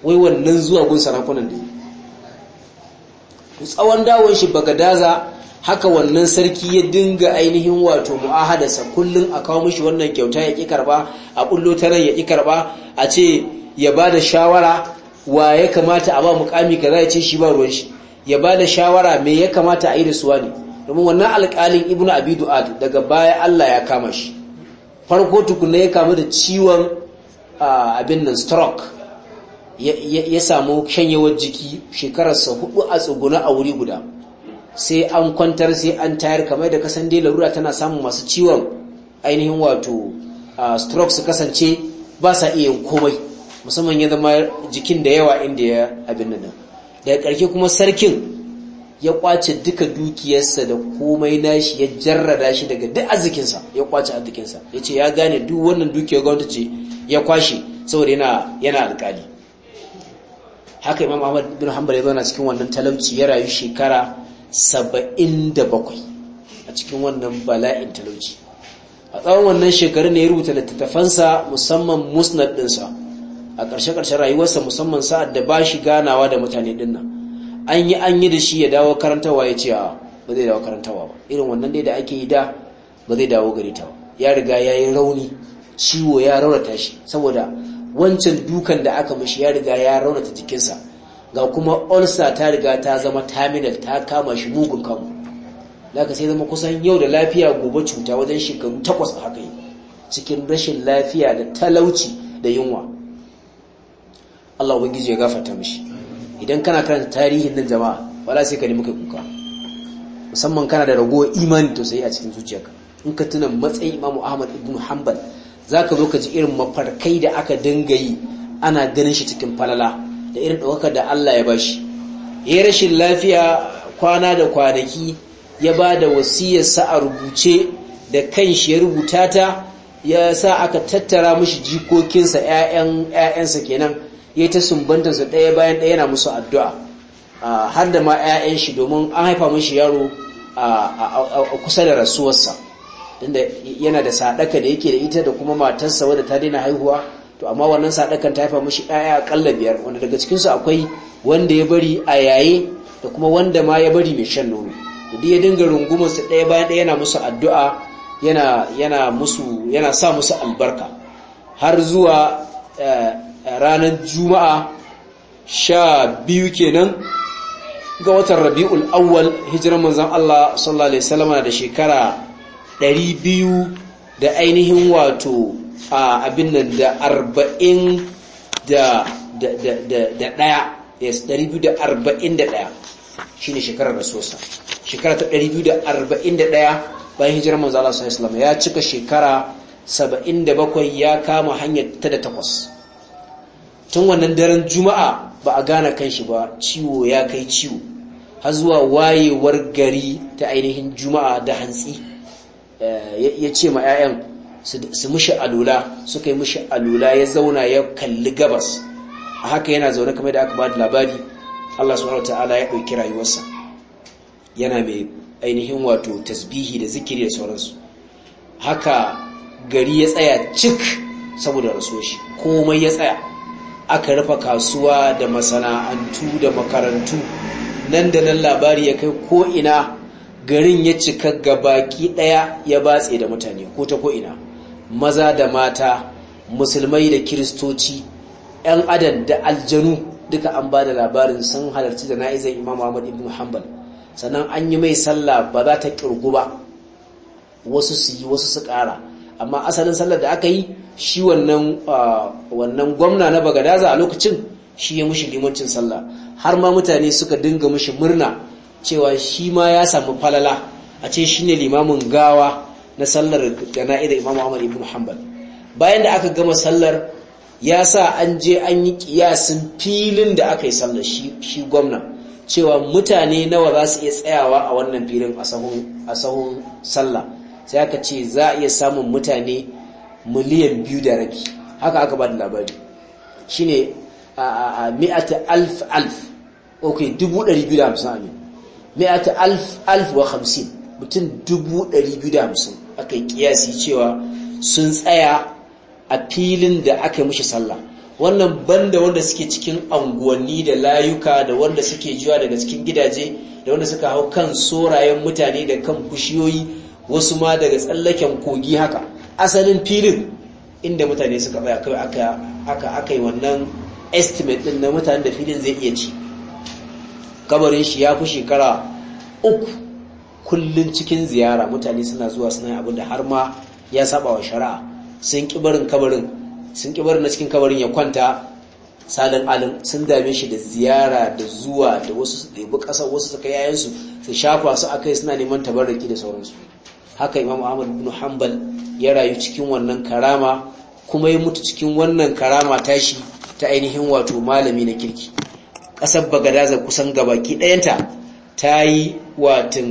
wai wannan zuwa gun sarakunan da tsawon dawon shi daza haka wannan sarki ya dinga ainihin wato mu'ahadarsa kullum a kawo mishi wannan kyauta ya ƙi karba a ƙullo ta ya ƙi karba a ce ya bada shawara wa ya kamata a ba mukami kaza ya ce shi ba ruwan shi ya bada shawara me ya kamata a yi da suwa ne domin wannan alƙalin ibnu abi du'ad daga baya Allah ya kama shi farko tukunna ya kamu da ciwon abin nan stroke ya samu kyanyewar jiki shekararsa hudu a tsuguna a wuri guda sai an kwantar sai an tayar kamar da kasan dai larura tana samun masu ciwon ainihin wato stroke su kasance ba sa iya komai musamman ya zama jikin da yawa inda ya abin nan daga ƙarshe kuma sarkin ya kwace duka dukiyarsa da komai nashi ya jarrada shi daga duk arzikinsa ya kwace arzikinsa ya ce ya gane duk wannan dukiyar gwamnati ce ya kwashe saboda yana yana alƙali haka imam ahmad bin hanbal ya zauna cikin wannan talauci ya rayu shekara 77 a cikin wannan bala'in talauci a tsawon wannan shekarun ne ya rubuta littattafansa musamman musnad dinsa a ƙarshe-ƙarshen rayuwarsa musamman sa'ad da ba shi ganawa da mutane dinnan an yi an yi da shi ya dawo karantawa ya ce a ba zai dawo karantawa ba irin wannan dai da ake yi da ba zai dawo gari ta ba ya riga ya yi rauni ciwo ya raunata shi saboda wancan dukan da aka mashi ya riga ya raunata jikinsa ga kuma ulcer ta riga ta zama terminal ta kama shi mugun kamu laka sai zama kusan yau da lafiya gobe cuta wajen shekaru takwas a haka yi cikin rashin lafiya da talauci da yunwa Allah ubangiji ya gafarta mishi idan kana karanta tarihin nan jama'a wala sai ka nemi kai kuka musamman kana da ragowar imani to sai a cikin zuciyarka in ka tuna matsayin Imam Ahmad ibn Hanbal za ka zo ka ji irin mafarkai da aka dinga yi ana ganin shi cikin falala da irin ɗaukar da Allah ya bashi ya rashin lafiya kwana da kwanaki ya ba da wasiyarsa a rubuce da kan shi ya rubuta ta ya sa aka tattara mashi jikokinsa ‘ya'yansa kenan ya yi ta sumbantarsa ɗaya bayan ɗaya yana musu addu'a har da ma ‘ya'yan shi domin an haifa mashi yaro a kusa da rasuwarsa tunda yana da sadaka da yake da ita da kuma matarsa wadda ta daina haihuwa to amma wannan sadakan ta haifa mishi ɗaya akalla biyar wanda daga cikinsu akwai wanda ya bari a yaye da kuma wanda ma ya bari mai shan nono to ya dinga rungumar su ɗaya bayan ɗaya yana musu addu'a yana yana sa musu albarka har zuwa eh, eh, ranar juma'a sha biyu kenan ga watan rabi'ul awwal hijiran manzon Allah sallallahu alaihi wasallam da shekara ɗari biyu da ainihin wato a abin nan da arba'in da ɗaya yes biyu da arba'in da ɗaya shi ne shekarar rasuwarsa shekara ta 241 da arba'in da ɗaya bayan hijirar manzo Allah sallallahu ya cika shekara saba'in da bakwai ya kama hanyar ta da takwas tun wannan daren juma'a ba a gane kan shi ba ciwo ya kai ciwo har zuwa wayewar gari ta ainihin juma'a da hantsi Eh, ya ce ma 'ya'yan su mushi alula suka yi mushi alula ya zauna ya kalli gabas a haka yana zaune kamar da aka ba da labari Allah subhanahu ta'ala ya ɗauki rayuwarsa yana mai ainihin wato tasbihi da zikiri da sauransu haka gari ya tsaya cik saboda rasoshi, komai ya tsaya aka rufe kasuwa da masana'antu da makarantu nan da nan labari ya kai ko ina garin ya cika ga gabaki daya ya batse da mutane ko ta ko'ina maza da mata musulmai da kiristoci 'yan adam da aljanu duka an ba da labarin sun halarci da na'izan imam ahmad ibn hanbal sannan an yi mai sallah ba za ta kirgu ba wasu su yi wasu su kara amma asalin sallar da aka yi shi wannan gwamna na bagadaza a lokacin shi ya mushi limancin sallah har ma mutane suka dinga mushi murna cewa shi ma ya samu falala a ce shi ne limamin gawa na sallar da imamu Ahmad ibn Hanbal bayan da aka gama sallar ya sa an je an yi kiyasin filin da aka yi sallar shi gwamna cewa mutane nawa za su iya tsayawa a wannan filin a sahun sallah sai aka ce za a iya samun mutane miliyan biyu da rabi haka aka ba da labari shi ne a mi'ata alf alf ok dubu ɗari biyu da hamsin amin mi'a ta alf hamsin mutum dubu ɗari biyu da hamsin aka kiyasi cewa sun tsaya a filin da aka yi mushi sallah wannan banda wanda suke cikin anguwanni da layuka da wanda suke jiwa daga cikin gidaje da wanda suka hau kan sorayen mutane da kan bushiyoyi wasu ma daga tsallaken kogi haka asalin filin inda mutane suka tsaya kawai aka yi wannan estimate ɗin na mutane da filin zai iya ci kabarin shi ya fi shekara uku kullum cikin ziyara mutane suna zuwa suna abin da har ma ya saba wa shari'a sun kibarin kabarin sun kibarin na cikin kabarin ya kwanta salin alin sun dame shi da ziyara da zuwa da wasu su ɗebi ƙasa wasu su kai yayansu su shafa su a kai suna neman tabarraki da sauransu haka imam ahmad bin hanbal ya rayu cikin wannan karama kuma ya mutu cikin wannan karama tashi ta ainihin wato malami na kirki kasar bagadaza kusan gabaki ɗayanta ta yi watan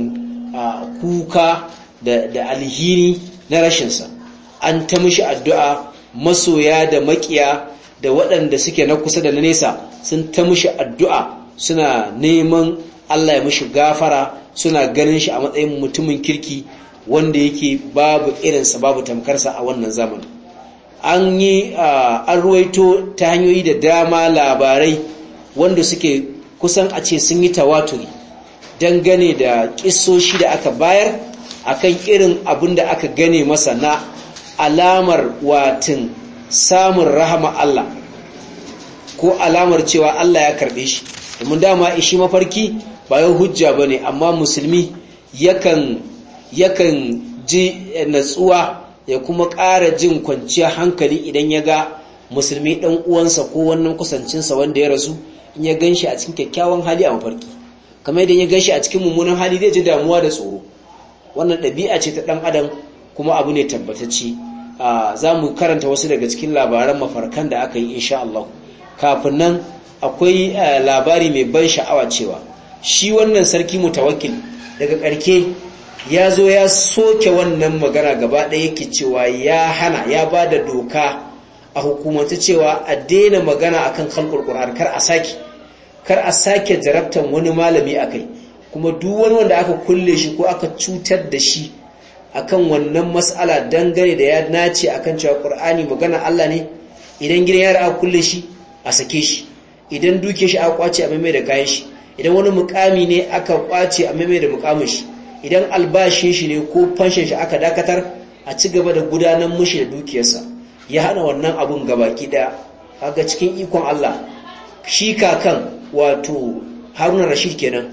kuka da alhini na rashinsa an ta mishi addu'a masoya da makiya da waɗanda suke na kusa da na nesa sun ta mishi addu'a suna neman Allah ya mishi gafara suna ganin shi a matsayin mutumin kirki wanda yake babu irinsa babu tamkarsa a wannan zamanin an yi an ruwaito ta hanyoyi da dama labarai wanda suke kusan a ce sun yi tawaturi gane da kisoshi da aka bayar a kan irin abin da aka gane masa na alamar watin samun rahama Allah ko alamar cewa Allah ya karbe shi domin dama ishi mafarki bayan hujja ba ne. amma musulmi yakan ji natsuwa ya kuma ƙara jin kwanciyar hankali idan ya ga musulmi ɗan uwansa ko wannan kusancinsa wanda ya rasu in ya gan shi a cikin kyakkyawan hali a mafarki kamar idan ya gan shi a cikin mummunan hali zai ji damuwa da tsoro wannan ɗabi'a ce ta ɗan adam kuma abu ne tabbatacce za mu karanta wasu daga cikin labaran mafarkan da aka yi insha Allah kafin nan akwai labari mai ban sha'awa cewa shi wannan sarki mutawakkil daga ƙarke ya zo ya soke wannan magana gaba ɗaya yake cewa ya hana ya ba da doka a hukumance cewa a daina magana akan kan kar a sake. kar a sake jarabtan wani malami a kai, kuma duk wani wanda aka kulle shi ko aka cutar da shi akan wannan mas'ala dangane da ya nace akan cewa Qur'ani magana Allah ne idan gidan yara a kulle shi a sake shi idan duke shi a kwace a maimai da kayan shi idan wani mukami ne aka kwace a maimai da mukamin shi idan albashin shi ne ko fanshin shi aka dakatar a ci gaba da gudanar mushi da dukiyarsa ya hana wannan abun gabaki daya kaga cikin ikon Allah shi kakan wato haruna rashid kenan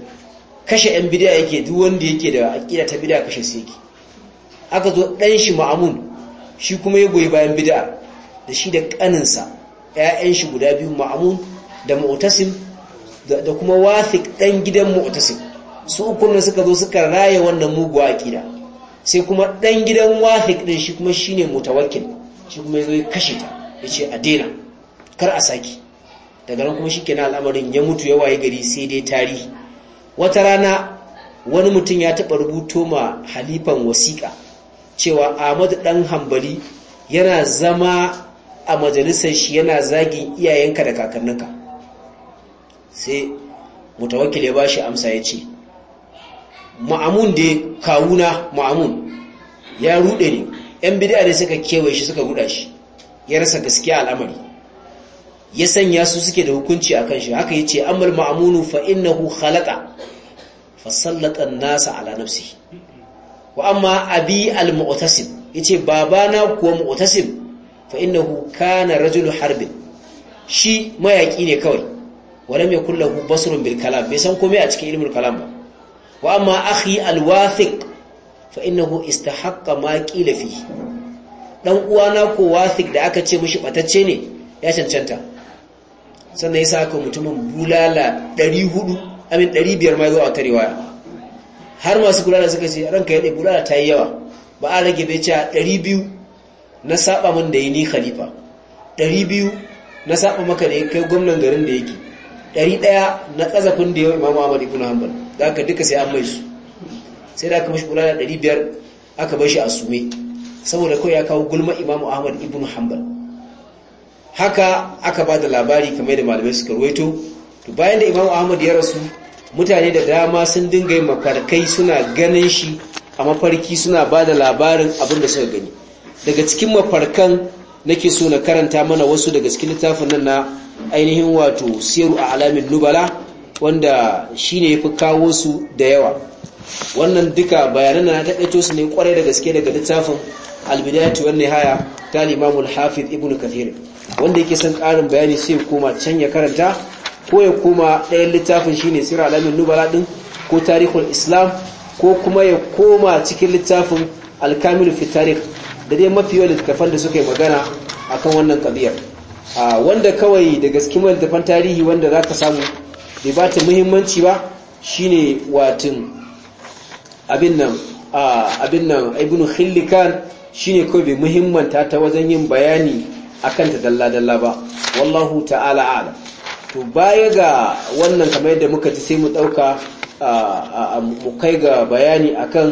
kashe yan bidiya yake duk wanda yake da akida ta bidiya kashe su yake aka zo dan shi ma'amun shi kuma ya goyi bayan bidiya da shi da ƙaninsa ‘ya'yan shi guda biyu ma'amun da mu'tasim da kuma wafiq dan gidan mu'tasim su uku suka zo suka raye wannan mugu akida sai kuma dan gidan wasik din shi kuma shine mutawakkil shi kuma ya zo ya kashe ta ya ce a daina kar a saki daga nan kuma na al'amarin ya mutu ya waye gari sai dai tarihi wata rana wani mutum ya taɓa rubuto ma halifan wasiƙa cewa Ahmadu ɗan hambali yana zama a majalisar shi yana zagin iyayenka da kakanninka sai mutawakil ya ba shi amsa ya ce ma'amun da kawuna ma'amun ya ruɗe ne yan bidiyar da suka kewaye shi suka ruda shi ya rasa gaskiya al'amari ya sanya su suke da hukunci akan shi haka yace amal ma'munu fa innahu khalaqa fa sallata an-nasa ala nafsihi wa amma abi al-mu'tasim yace babana kuwa mutasib fa innahu kana rajul harbin shi mayaki ne kawai wala yakul kulle basrun bil kalam bai san komai a cikin ilimin kalam ba wa amma akhi al-wathiq fa innahu istahaqqa ma qila fihi dan uwana ko wathiq da aka ce mishi batacce ne ya cancanta sannan ya saka mutumin bulala 400 amin 500 ma zuwa ta riwaya har masu kula da suka ce ranka ya bulala ta yi yawa ba a rage bai ce 200 na saba min da yi ni khalifa 200 na saba maka da ya kai gwamnan garin da yake 100 na kazafin da yawa imamu ahmad ibn hanbal da aka duka sai an mai su sai da aka mashi bulala 500 aka bar shi a sume saboda kawai ya kawo gulma imamu ahmad ibn hanbal haka aka ba da labari kamar da malamai suka ruwaito bayan da imamu ahmad ya rasu mutane da dama sun dinga yin mafarkai suna ganin shi a mafarki suna ba da labarin abin da suka gani daga cikin mafarkan nake so na karanta mana wasu daga cikin littafin nan na ainihin wato siru a alamin nubala wanda shine fi kawo su da yawa wannan duka bayanan na taƙaito su ne kwarai da gaske daga littafin albidayatu wan haya ta limamul hafiz ibnu kathir wanda yake son ƙarin bayani sai koma can ya karanta ko ya koma ɗayan littafin shine sirra alamin nubala ɗin ko tarihul islam ko kuma ya koma cikin littafin alkamilu fi tarih da dai mafi yawan littafan da suka yi magana akan wannan kabiyar wanda kawai da gaske mai littafan tarihi wanda za ka samu bai ba ta muhimmanci ba shine watin abin nan abin nan ibnu khillikan shine kawai bai muhimmanta ta wajen yin bayani akan ta dalla-dalla ba wallahu ta'ala ala to baya ga wannan kamar yadda muka ji sai mu ɗauka mu kai ga bayani akan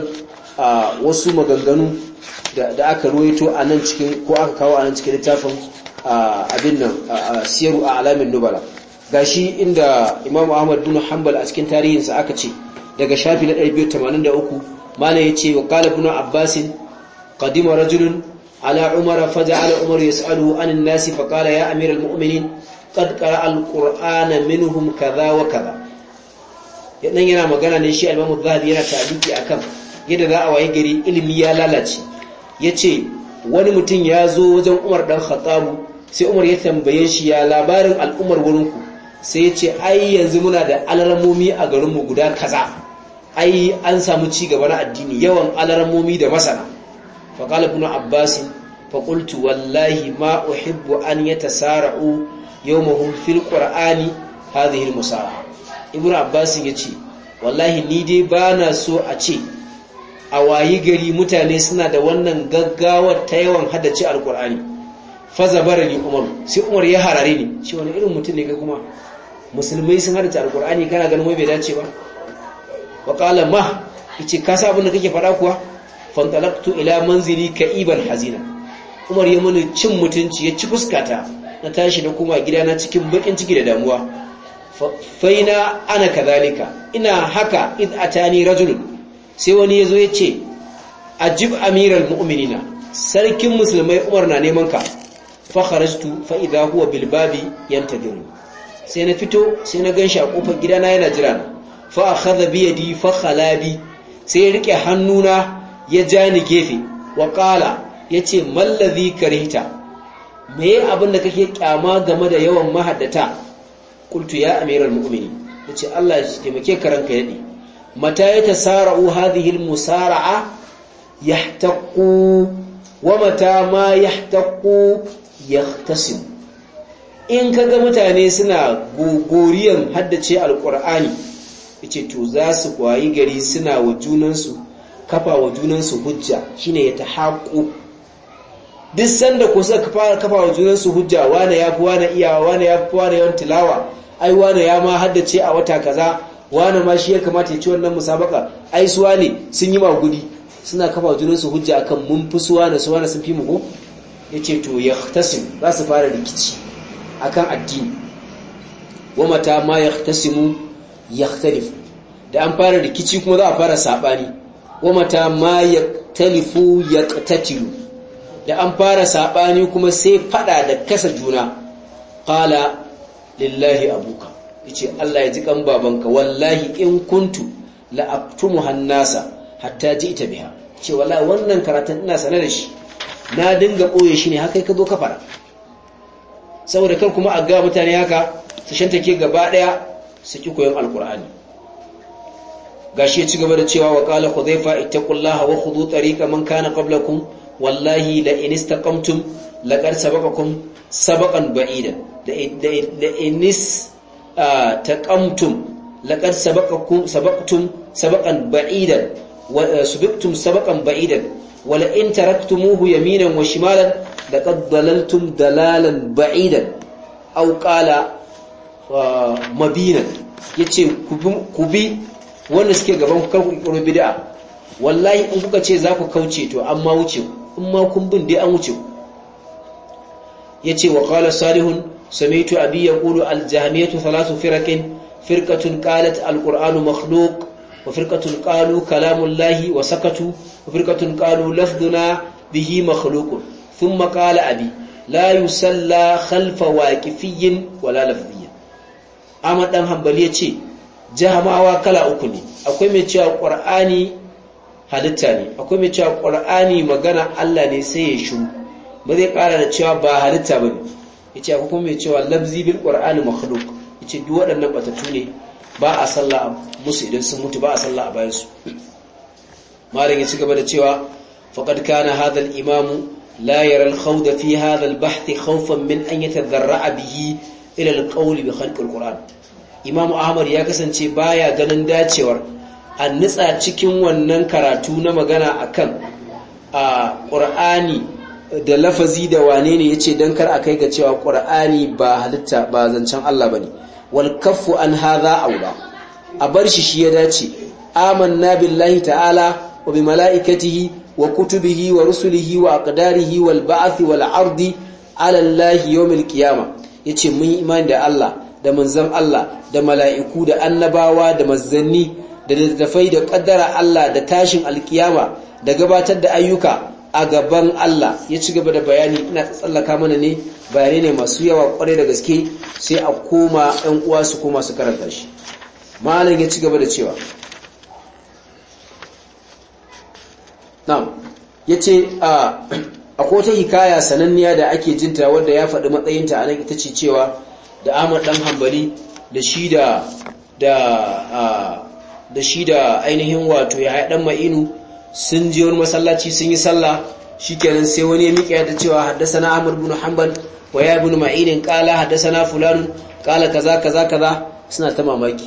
wasu maganganu da aka ruwaito a nan cikin ko aka kawo a nan cikin littafin abin nan siyaru a alamin nubala gashi inda imamu ahmad bin hanbal a cikin tarihinsa aka ce daga shafi na 283 mana ya ce wa kala bin abbasin kadima rajulun على عمر فجعل عمر يسأله عن الناس فقال يا أمير المؤمنين قد قرأ القرآن منهم كذا وكذا nan yana magana ne shi albamu zahabi yana a kan. yadda za a waye gari ilimi ya lalace yace wani mutum ya zo wajen Umar dan Khattab sai Umar ya tambaye shi ya labarin Al'ummar wurinku sai yace ai yanzu muna da alarmomi a garinmu guda kaza ai an samu ci gaba na addini yawan alarmomi da masana فقال ابن عباس فقلت والله ما أحب أن يتسارعوا يومهم في القرآن هذه المسارعة ابن عباس يتي والله نيدي بانا سوء أتي awayi gari mutane suna da wannan gaggawar ta yawan haddace alkur'ani fazabara ni umar sai umar ya harare ni shi wani irin mutum ne ga kuma musulmai sun haddace alkur'ani kana ganin wai bai dace ba wa qala ma yace ka sa abin da kake faɗa kuwa fantalaktu ila manzili ka'iban hazina umar ya mani cin mutunci ya ci fuskata na tashi na kuma gida na cikin bakin ciki da damuwa faina ana kadhalika ina haka id atani rajulun sai wani yazo yace ajib amiral mu'minina sarkin musulmai umar na neman ka fa kharajtu fa idha huwa bil babi yantadiru sai na fito sai na ganshi a kofar gidana yana jira fa akhadha bi yadi fa khalabi sai ya rike hannuna ya ja ni gefe wa ya yace mallazi karita me abinda kake kyama game da yawan mahaddata qultu ya amiral ya ce Allah ya taimake ka ranka yadi mata ya ta tasara'u hadhihi almusara'a yahtaqu wa mata ma yahtaqu yahtasim in ka ga mutane suna gogoriyan haddace alqur'ani yace to za su kwayi gari suna wa junansu kafa wa junansu hujja shine ya haƙo. duk sanda ko suka fara kafa wa junansu hujja wane yafi wane iyawa wane yafi wane yawan tilawa ai wane ya ma haddace a wata kaza wane ma shi ya kamata ya ci wannan musabaka ai su wane sun yi magudi suna kafa wa junansu hujja akan mun fi su wane su wane sun fi mu ko yace to yahtasim za su fara rikici akan addini wa mata ma yahtasimu yahtalifu da an fara rikici kuma za a fara sabani Wamata, mata ma ya talifu ya tatilu da an fara saɓani kuma sai faɗa da kasa juna ƙala lillahi abuka ce Allah ya ji kan babanka wallahi in kuntu la aftumu hannasa hatta ita biha ce wallahi wannan karatun ina sane da shi na dinga ɓoye shi ne haka ka zo ka fara saboda kar kuma a ga mutane haka su ke gaba ɗaya su ƙi koyon alkur'ani gashi ya ci gaba da cewa wa qala khudhaifa ittaqullaha wa khudhu tariqa man kana qablakum wallahi la in istaqamtum laqad sabaqakum sabaqan ba'ida da inis uh, taqamtum laqad sabaqakum sabaqtum sabaqan ba'idan wa uh, subaqtum sabaqan ba'idan wala in taraktumuhu yaminan wa shimalan laqad dalaltum dalalan ba'idan aw qala uh, mabinan yace ku bi wanda suke gaban ku kar bid'a wallahi in kuka ce za ku kauce to ma wuce in ma kun bin dai an wuce Ya yace wa qala salihun sami'tu abi yaqulu al-jahmiyatu thalathu Firakin. Firkatun qalat al-qur'anu makhluq wa ƙalu Kalamun kalamullahi wa sakatu wa firkatun ƙalu lafduna bihi makhluqun Sun maƙala abi la yusalla khalfa waqifiyin wala lafziyin amma hambali ya ce. jahamawa kala uku ne akwai mai cewa ƙwar'ani halitta ne akwai mai cewa ƙwar'ani magana Allah ne sai ya shiru ba zai ƙara da cewa ba halitta ba ne ya ce akwai mai cewa labzi bil ƙwar'ani makhluk ya ce duk waɗannan ɓatattu ne ba a sallah musu idan sun mutu ba a sallah a bayansu malam ya ci gaba da cewa faqad kana hadha al imamu la yara al khawda fi hadha al bahth khawfan min an yatadarra bihi ila al qawl bi khalq al qur'an Imam ahmad ya kasance baya ganin dacewar a nitsa cikin wannan karatu na magana akan a ƙur'ani da lafazi da wane ne yace dan kar a kai ga cewa ƙur'ani ba halitta ba zancen Allah bane wal kaffu an hadha aula a bar shi shi ya dace amanna billahi ta'ala wa bi mala'ikatihi wa kutubihi wa rusulihi wa aqdarihi wal ba'thi wal ardi ala Allah yawmil qiyamah yace mun imani da Allah da Manzan Allah da mala'iku da annabawa da mazzanni da littattafai da ƙaddara Allah da tashin alkiyama da gabatar da ayyuka a gaban Allah ya ci gaba da bayani ina tsallaka mana ne bayanai ne masu yawa kwarai da gaske sai a koma ɗan uwa su koma su karanta shi malam ya ci gaba da cewa na'am yace a akwai wata hikaya sananniya da ake jinta wanda ya faɗi matsayinta a nan ita ce cewa da Ahmad dan Hanbali da shi da da da shi da ainihin wato ya haɗa ma'inu sun je wani masallaci sun yi sallah shikenan sai wani ya miƙe da cewa haddasana Ahmad ibn Hanbal wa ya ibn Ma'in qala haddasana fulan qala kaza kaza kaza suna ta mamaki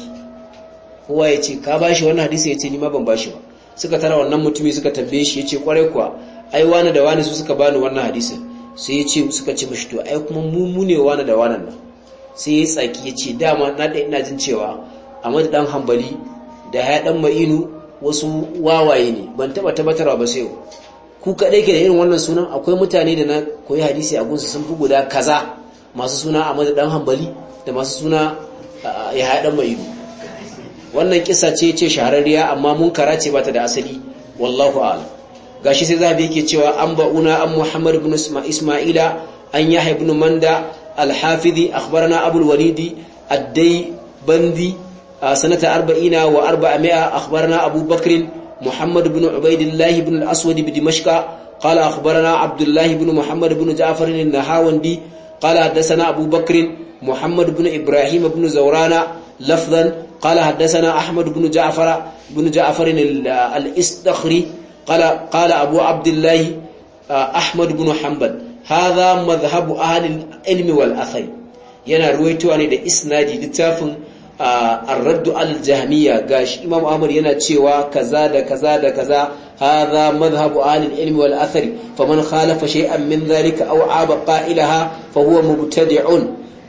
kowa ya ce ka bashi wannan hadisi ya ce ni ma ban bashi ba suka tara wannan mutumi suka tambaye shi ya ce kwarai kuwa ai wani da wani su suka bani wannan hadisin sai ya ce suka ce mashi to ai kuma mu ne wani da wani nan sai ya tsaki ya ce dama na da ina jin cewa Ahmad dan Hambali da ya dan Ma'inu wasu wawaye ne ban taba tabbatarwa ba sai ku kadai ke da irin wannan sunan akwai mutane da na koyi hadisi a gunsu sun fi guda kaza masu suna Ahmad dan Hambali da masu suna ya dan Ma'inu wannan kisa ce ce shahararriya amma mun kara ce bata da asali wallahu ala gashi sai zafi yake cewa an ba'una an Muhammad ibn Isma'ila an Yahya ibn Manda الحافظي أخبرنا أبو الوليد الدي بندي سنة أربعين وأربعمائة أخبرنا أبو بكر محمد بن عبيد الله بن الأسود بدمشق قال أخبرنا عبد الله بن محمد بن جعفر النهاوندي قال حدثنا أبو بكر محمد بن إبراهيم بن زورانا لفظا قال حدثنا أحمد بن جعفر بن جعفر الإستخري قال قال أبو عبد الله أحمد بن حنبل hadha madhhabu ahli ilmi wal athari yana ruwaitowa ne da isnadi littafin ar-radd al-jahmiyya gashi imam ahmad yana cewa kaza da kaza da kaza hadha madhhabu ahli ilmi wal athari faman khalafa shay'an min dhalika aw aba qailaha fa huwa mubtadi'un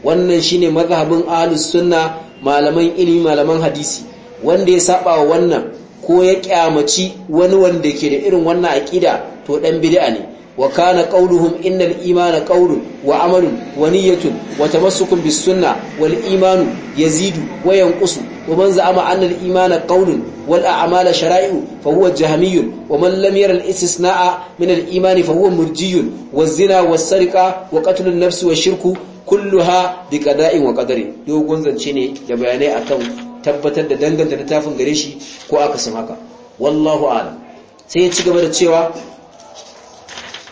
wannan shine mazhabin ahlus sunna malaman ilimi malaman hadisi wanda ya saba wa wannan ko ya kyamaci wani wanda ke da irin wannan aqida to dan bid'a ne wa kana qawluhum innal imana qawlun wa amalun wa niyyatun wa tamassukun bis sunnah wal imanu yazidu wa yanqusu wa man za'ama anna al imana qawlun wal a'mala shara'i'u fa huwa jahmiyyun wa man lam yara al istisna'a min al imani fa huwa murjiyyun wa zina was wa qatlu an nafsi wa shirku kulluha bi qada'in wa qadarin dogon zance ne da bayanai akan tabbatar da danganta littafin gare shi ko akasin haka wallahu a'lam sai ya ci gaba da cewa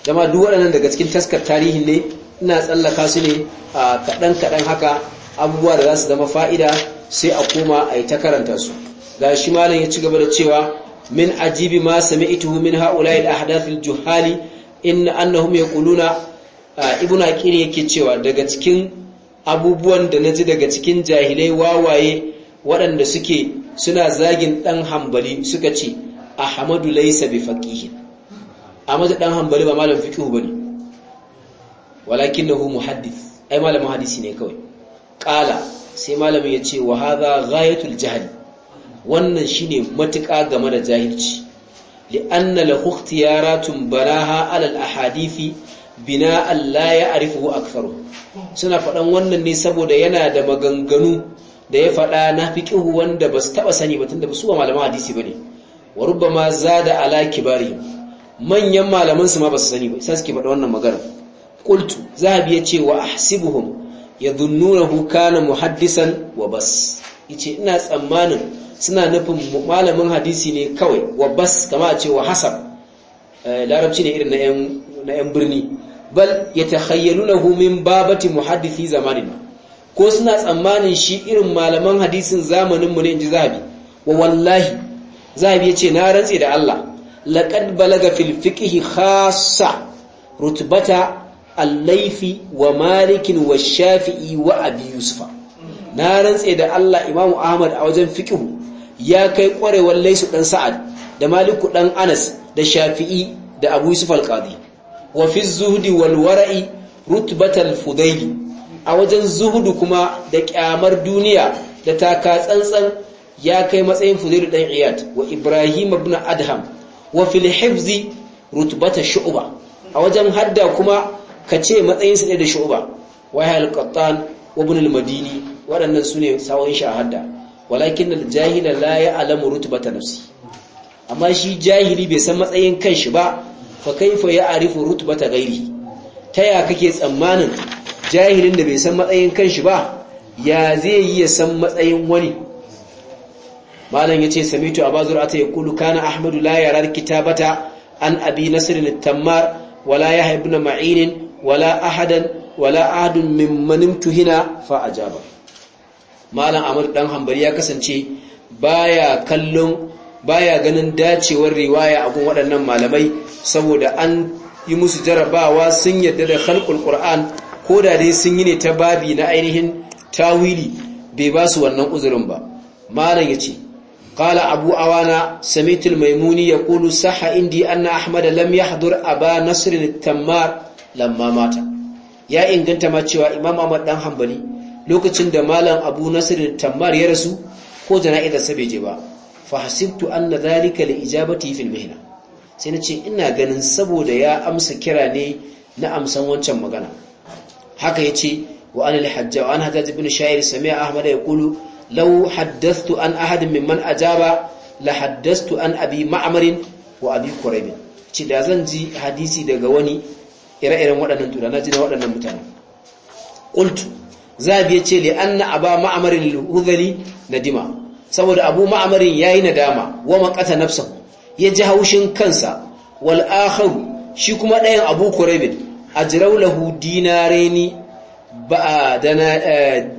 jama'a duk waɗannan daga cikin taskar tarihin ne ina tsallaka su ne a kaɗan-kaɗan haka abubuwa da za su zama fa'ida sai a koma a yi ta karanta su ga shi malam ya ci gaba da cewa min ajibi ma sami ituhu min ha’ula da hadafin juhali in annahu ya kuluna ibuna kiri yake cewa daga cikin abubuwan da na ji daga cikin jahilai wawaye waɗanda suke suna zagin ɗan hambali suka ce ahmadu laisa bi Ahmad dan Hanbali ba malamin fiqh bane walakinahu muhaddith ai malamin hadisi ne kawai Ƙala, sai malamin ya wa hadha ghayatul jahl wannan shine matuƙa game da jahilci li'anna lahu ikhtiyaratun balaha alal a hadifi bina Allah ya arifu aksaru suna faɗan wannan ne saboda yana da maganganu da ya faɗa na fiƙihu wanda ba su taɓa sani ba tunda ba su ba malaman hadisi ba ne wa rubba ma za da ala kibarihim manyan malaman su ma basu su sani ba sai suke faɗa wannan magana qultu zahabi yace wa ahsibuhum yadhunnuhu kana muhaddisan wa bas yace ina tsammanin suna nufin malamin hadisi ne kawai wa bas kama a ce wa hasab eh, larabci ne irin na yan na yan birni bal yatakhayyalunahu min babati muhaddisi zamanina ko suna tsammanin shi irin malaman hadisin zamanin mu ne inji zahabi wa wallahi zahabi yace na rantse da Allah Laƙad balaga filfiƙihi fiqhi rutubata rutbata laifi wa malikin wa shafi'i wa abi yusufa na rantse da Allah imamu ahmad a wajen fiƙihu ya kai ƙwarewar laisu ɗan sa'ad da maliku ɗan anas da shafi'i da abu yusuf al wa fi zuhdi wal wara'i rutbatal a wajen zuhudu kuma da ƙyamar duniya da taka tsantsan ya kai matsayin fudayl ɗan iyad wa ibrahim ibn adham wa fil hifzi rutbata shu'ba a wajen hadda kuma ka ce matsayin su ne da shu'ba wa hal qattan wa ibn al madini waɗannan sune sawon shi a hadda walakin al jahila la ya'lamu rutbata nafsi amma shi jahili bai san matsayin kanshi ba fa kaifa ya'rifu rutbata ghairi taya kake tsammanin jahilin da bai san matsayin kanshi ba ya zai yi san matsayin wani malam ya yace samitu abazur ata kulu kana ahmadu la yara kitabata? an abi nasirin tamar, wala wala haibu na ma'inin wala ahadan wala ahadun mimmanin tuhina fa ajaba malam amur dan hambari ya kasance baya kallon baya ganin dacewar riwaya a gun waɗannan malamai saboda an yi musu jarabawa sun yadda da khalqul qur'an ko da dai sun yi ne ta babi na ainihin tawili bai ba su wannan uzurin ba malam ya ce. قال أبو أوانا سميت الميموني يقول saha indi أن أحمد لم يحضر أبا نصر التمار لما مات يا إن كنت ما تشوى إمام أحمد دان حنبلي لوكتين دا مالا أبو نصر التمار يرسو ko jana'iza sabe je ba fa hasibtu anna dhalika li ijabati fil mihna sai ce ina ganin saboda ya amsa kira ne na amsan wancan magana haka yace wa anil hajjaj an hajjaj ibn sha'ir sami'a ahmad yaqulu law haddastu an ahadin mimman ajaba la haddastu an abi ma'amarin wa abi quraib da zan ji hadisi daga wani ire-iren waɗannan tura na ji waɗannan mutane qultu zabi yace lianna anna aba ma'amarin al na nadima saboda abu ma'amarin na nadama wa maqata nafsa ya ji haushin kansa wal shi kuma ɗayan abu quraib ajrau lahu dinaraini ba dana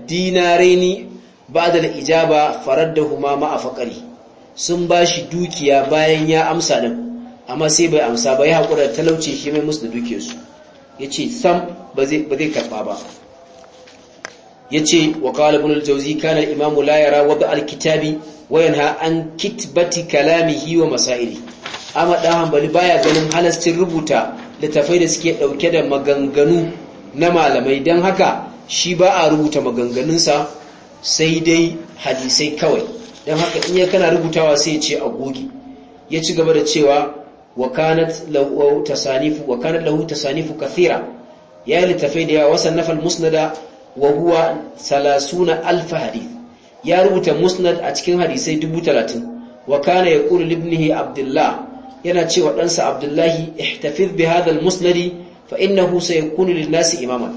dinaraini ba'da farar ijaba faraddahuma a faƙari sun ba shi dukiya bayan ya amsa din amma sai bai amsa ba ya hakura talauci shi mai musu da dukiyarsu ce sam ba zai ba ba yace wa qala ibn al-jawzi imamu la yara wada al-kitabi wa yanha an kitbati kalamihi wa masaili amma ɗan hambali baya ganin halastin rubuta littafai da suke ɗauke da maganganu na malamai don haka shi ba a rubuta maganganunsa sai dai hadisai kawai don haka in ya kana rubutawa sai ce a goge ya ci gaba da cewa wakanat lahu tasanifu wakanat lahu tasanifu kathira ya yi littafai da yawa wasan nafal musnada wa huwa salasuna alfa hadith ya rubuta musnad a cikin hadisai dubu talatin wa kana ya ƙuri libnihi abdullah yana cewa ɗansa abdullahi ihtafiz bi hadal musnadi fa innahu ya lin Lillasi imaman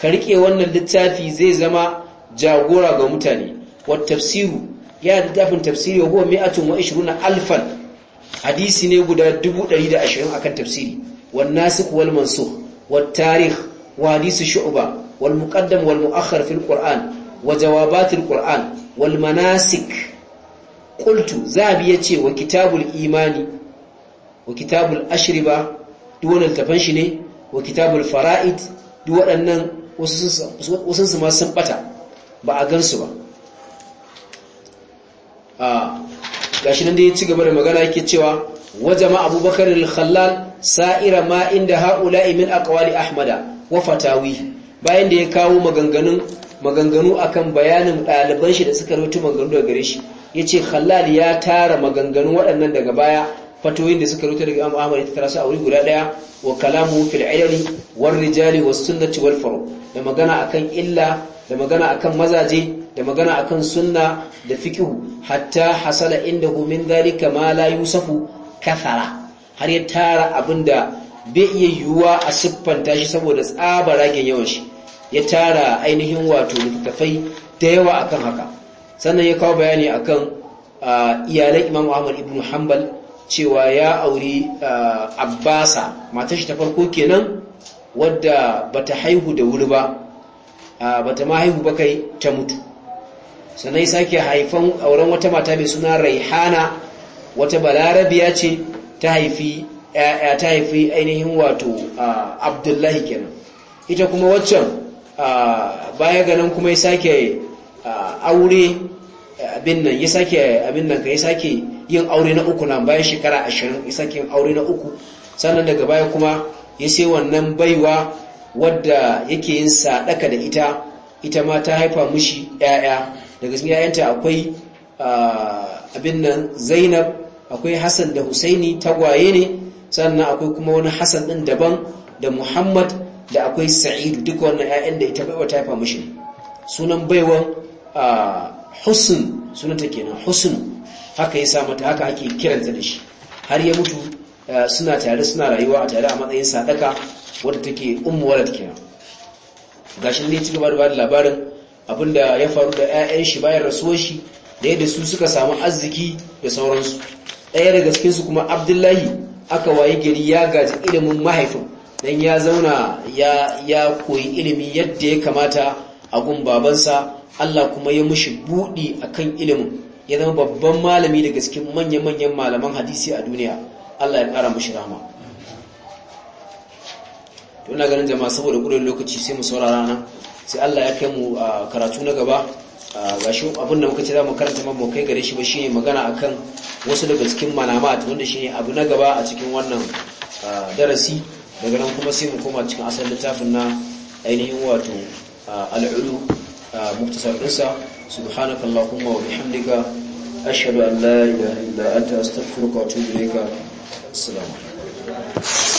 ka rike wannan littafi zai zama jagora ga mutane wa tafsiru ya da tafin tafsiri wa huwa mi'atun wa alfan hadisi ne guda 120 akan tafsiri wan nasikh wal mansukh wat tarikh wa hadisi shu'ba wal muqaddam wal mu'akhkhar fil qur'an wa jawabatil qur'an wal manasik qultu zabi yace wa kitabul imani wa kitabul ashriba duk wannan tafan shi ne wa kitabul fara'id duk waɗannan wasu su ma sun bata ba a gansu ba a gashi nan da ya ci gaba da magana yake cewa wajama abubakar al-khallal sa'ira ma inda ha'ula'i min aqwali ahmada wa fatawi bayan da ya kawo maganganun maganganu akan bayanin ɗaliban shi da suka rubuta maganganu daga gare shi yace khallal ya tara maganganun waɗannan daga baya fatoyin da suka rubuta daga Imam Ahmad ya tara su a wuri guda daya wa kalamu fil ilmi war rijali was sunnati wal furu da magana akan illa da magana akan mazaje da magana akan sunna da fikihu, hatta hasala indahu min dhalika ma la yusafu kathara har ya tara abinda bai iya yiwuwa a siffanta shi saboda tsaba ragen yawan shi ya tara ainihin wato littattafai da yawa akan haka sannan ya kawo bayani akan iyalan Imam Ahmad ibn Hanbal cewa ya auri Abbasa matar shi ta farko kenan wadda bata haihu da wuri ba bata mahaihu ba kai ta mutu sannan sake haifan auren wata mata mai suna raihana wata balarabiya ce ta haifi ta haifi ainihin wato abdullahi kenan ita kuma waccan baya ganin kuma ya sake aure abin nan ya sake abin nan ka ya sake yin aure na uku nan bayan shekara ashirin ya sake yin aure na uku sannan daga baya kuma ya sai wannan baiwa wadda yake yin sadaka da ita ita ma ta haifa mushi ƴaƴa daga cikin ƴaƴanta akwai abin nan Zainab akwai Hassan da Husaini tagwaye ne sannan akwai kuma wani Hassan din daban da Muhammad da akwai Sa'idu duk wannan 'ya'yan da ita baiwa ta haifa mushi sunan baiwan Husn sunanta kenan Husn haka ya sa mata haka ake kiranta da shi har ya mutu Eh, suna tare suna rayuwa a tare a matsayin sadaka wadda take ummu walad kenan gashin ne gaba da bada labarin abinda ya faru da 'ya'yan shi bayan rasuwar shi da yadda su suka samu arziki da sauransu ɗaya daga cikin su kuma abdullahi aka waye gari ya gaji ilimin mahaifin dan ya zauna ya koyi ilimi yadda ya kamata a gun babansa Allah kuma ya mushi budi akan ilimin ya zama babban malami daga cikin manya-manyan malaman hadisi a duniya Allah ya kara mashi rahama to ganin jama'a saboda gudun lokaci sai mu saurara nan sai Allah ya kai mu karatu na gaba shi abin da muka ce za mu karanta ma mu kai gare shi ba ne magana akan wasu daga cikin manama a da shi ne abu na gaba a cikin wannan darasi daga nan kuma sai mu koma cikin asalin littafin na ainihin wato al'ulu muktasar ɗinsa subhanakallahumma wa bihamdika a an la ilaha illa anta astaghfiruka wa atubu ilayka assalamu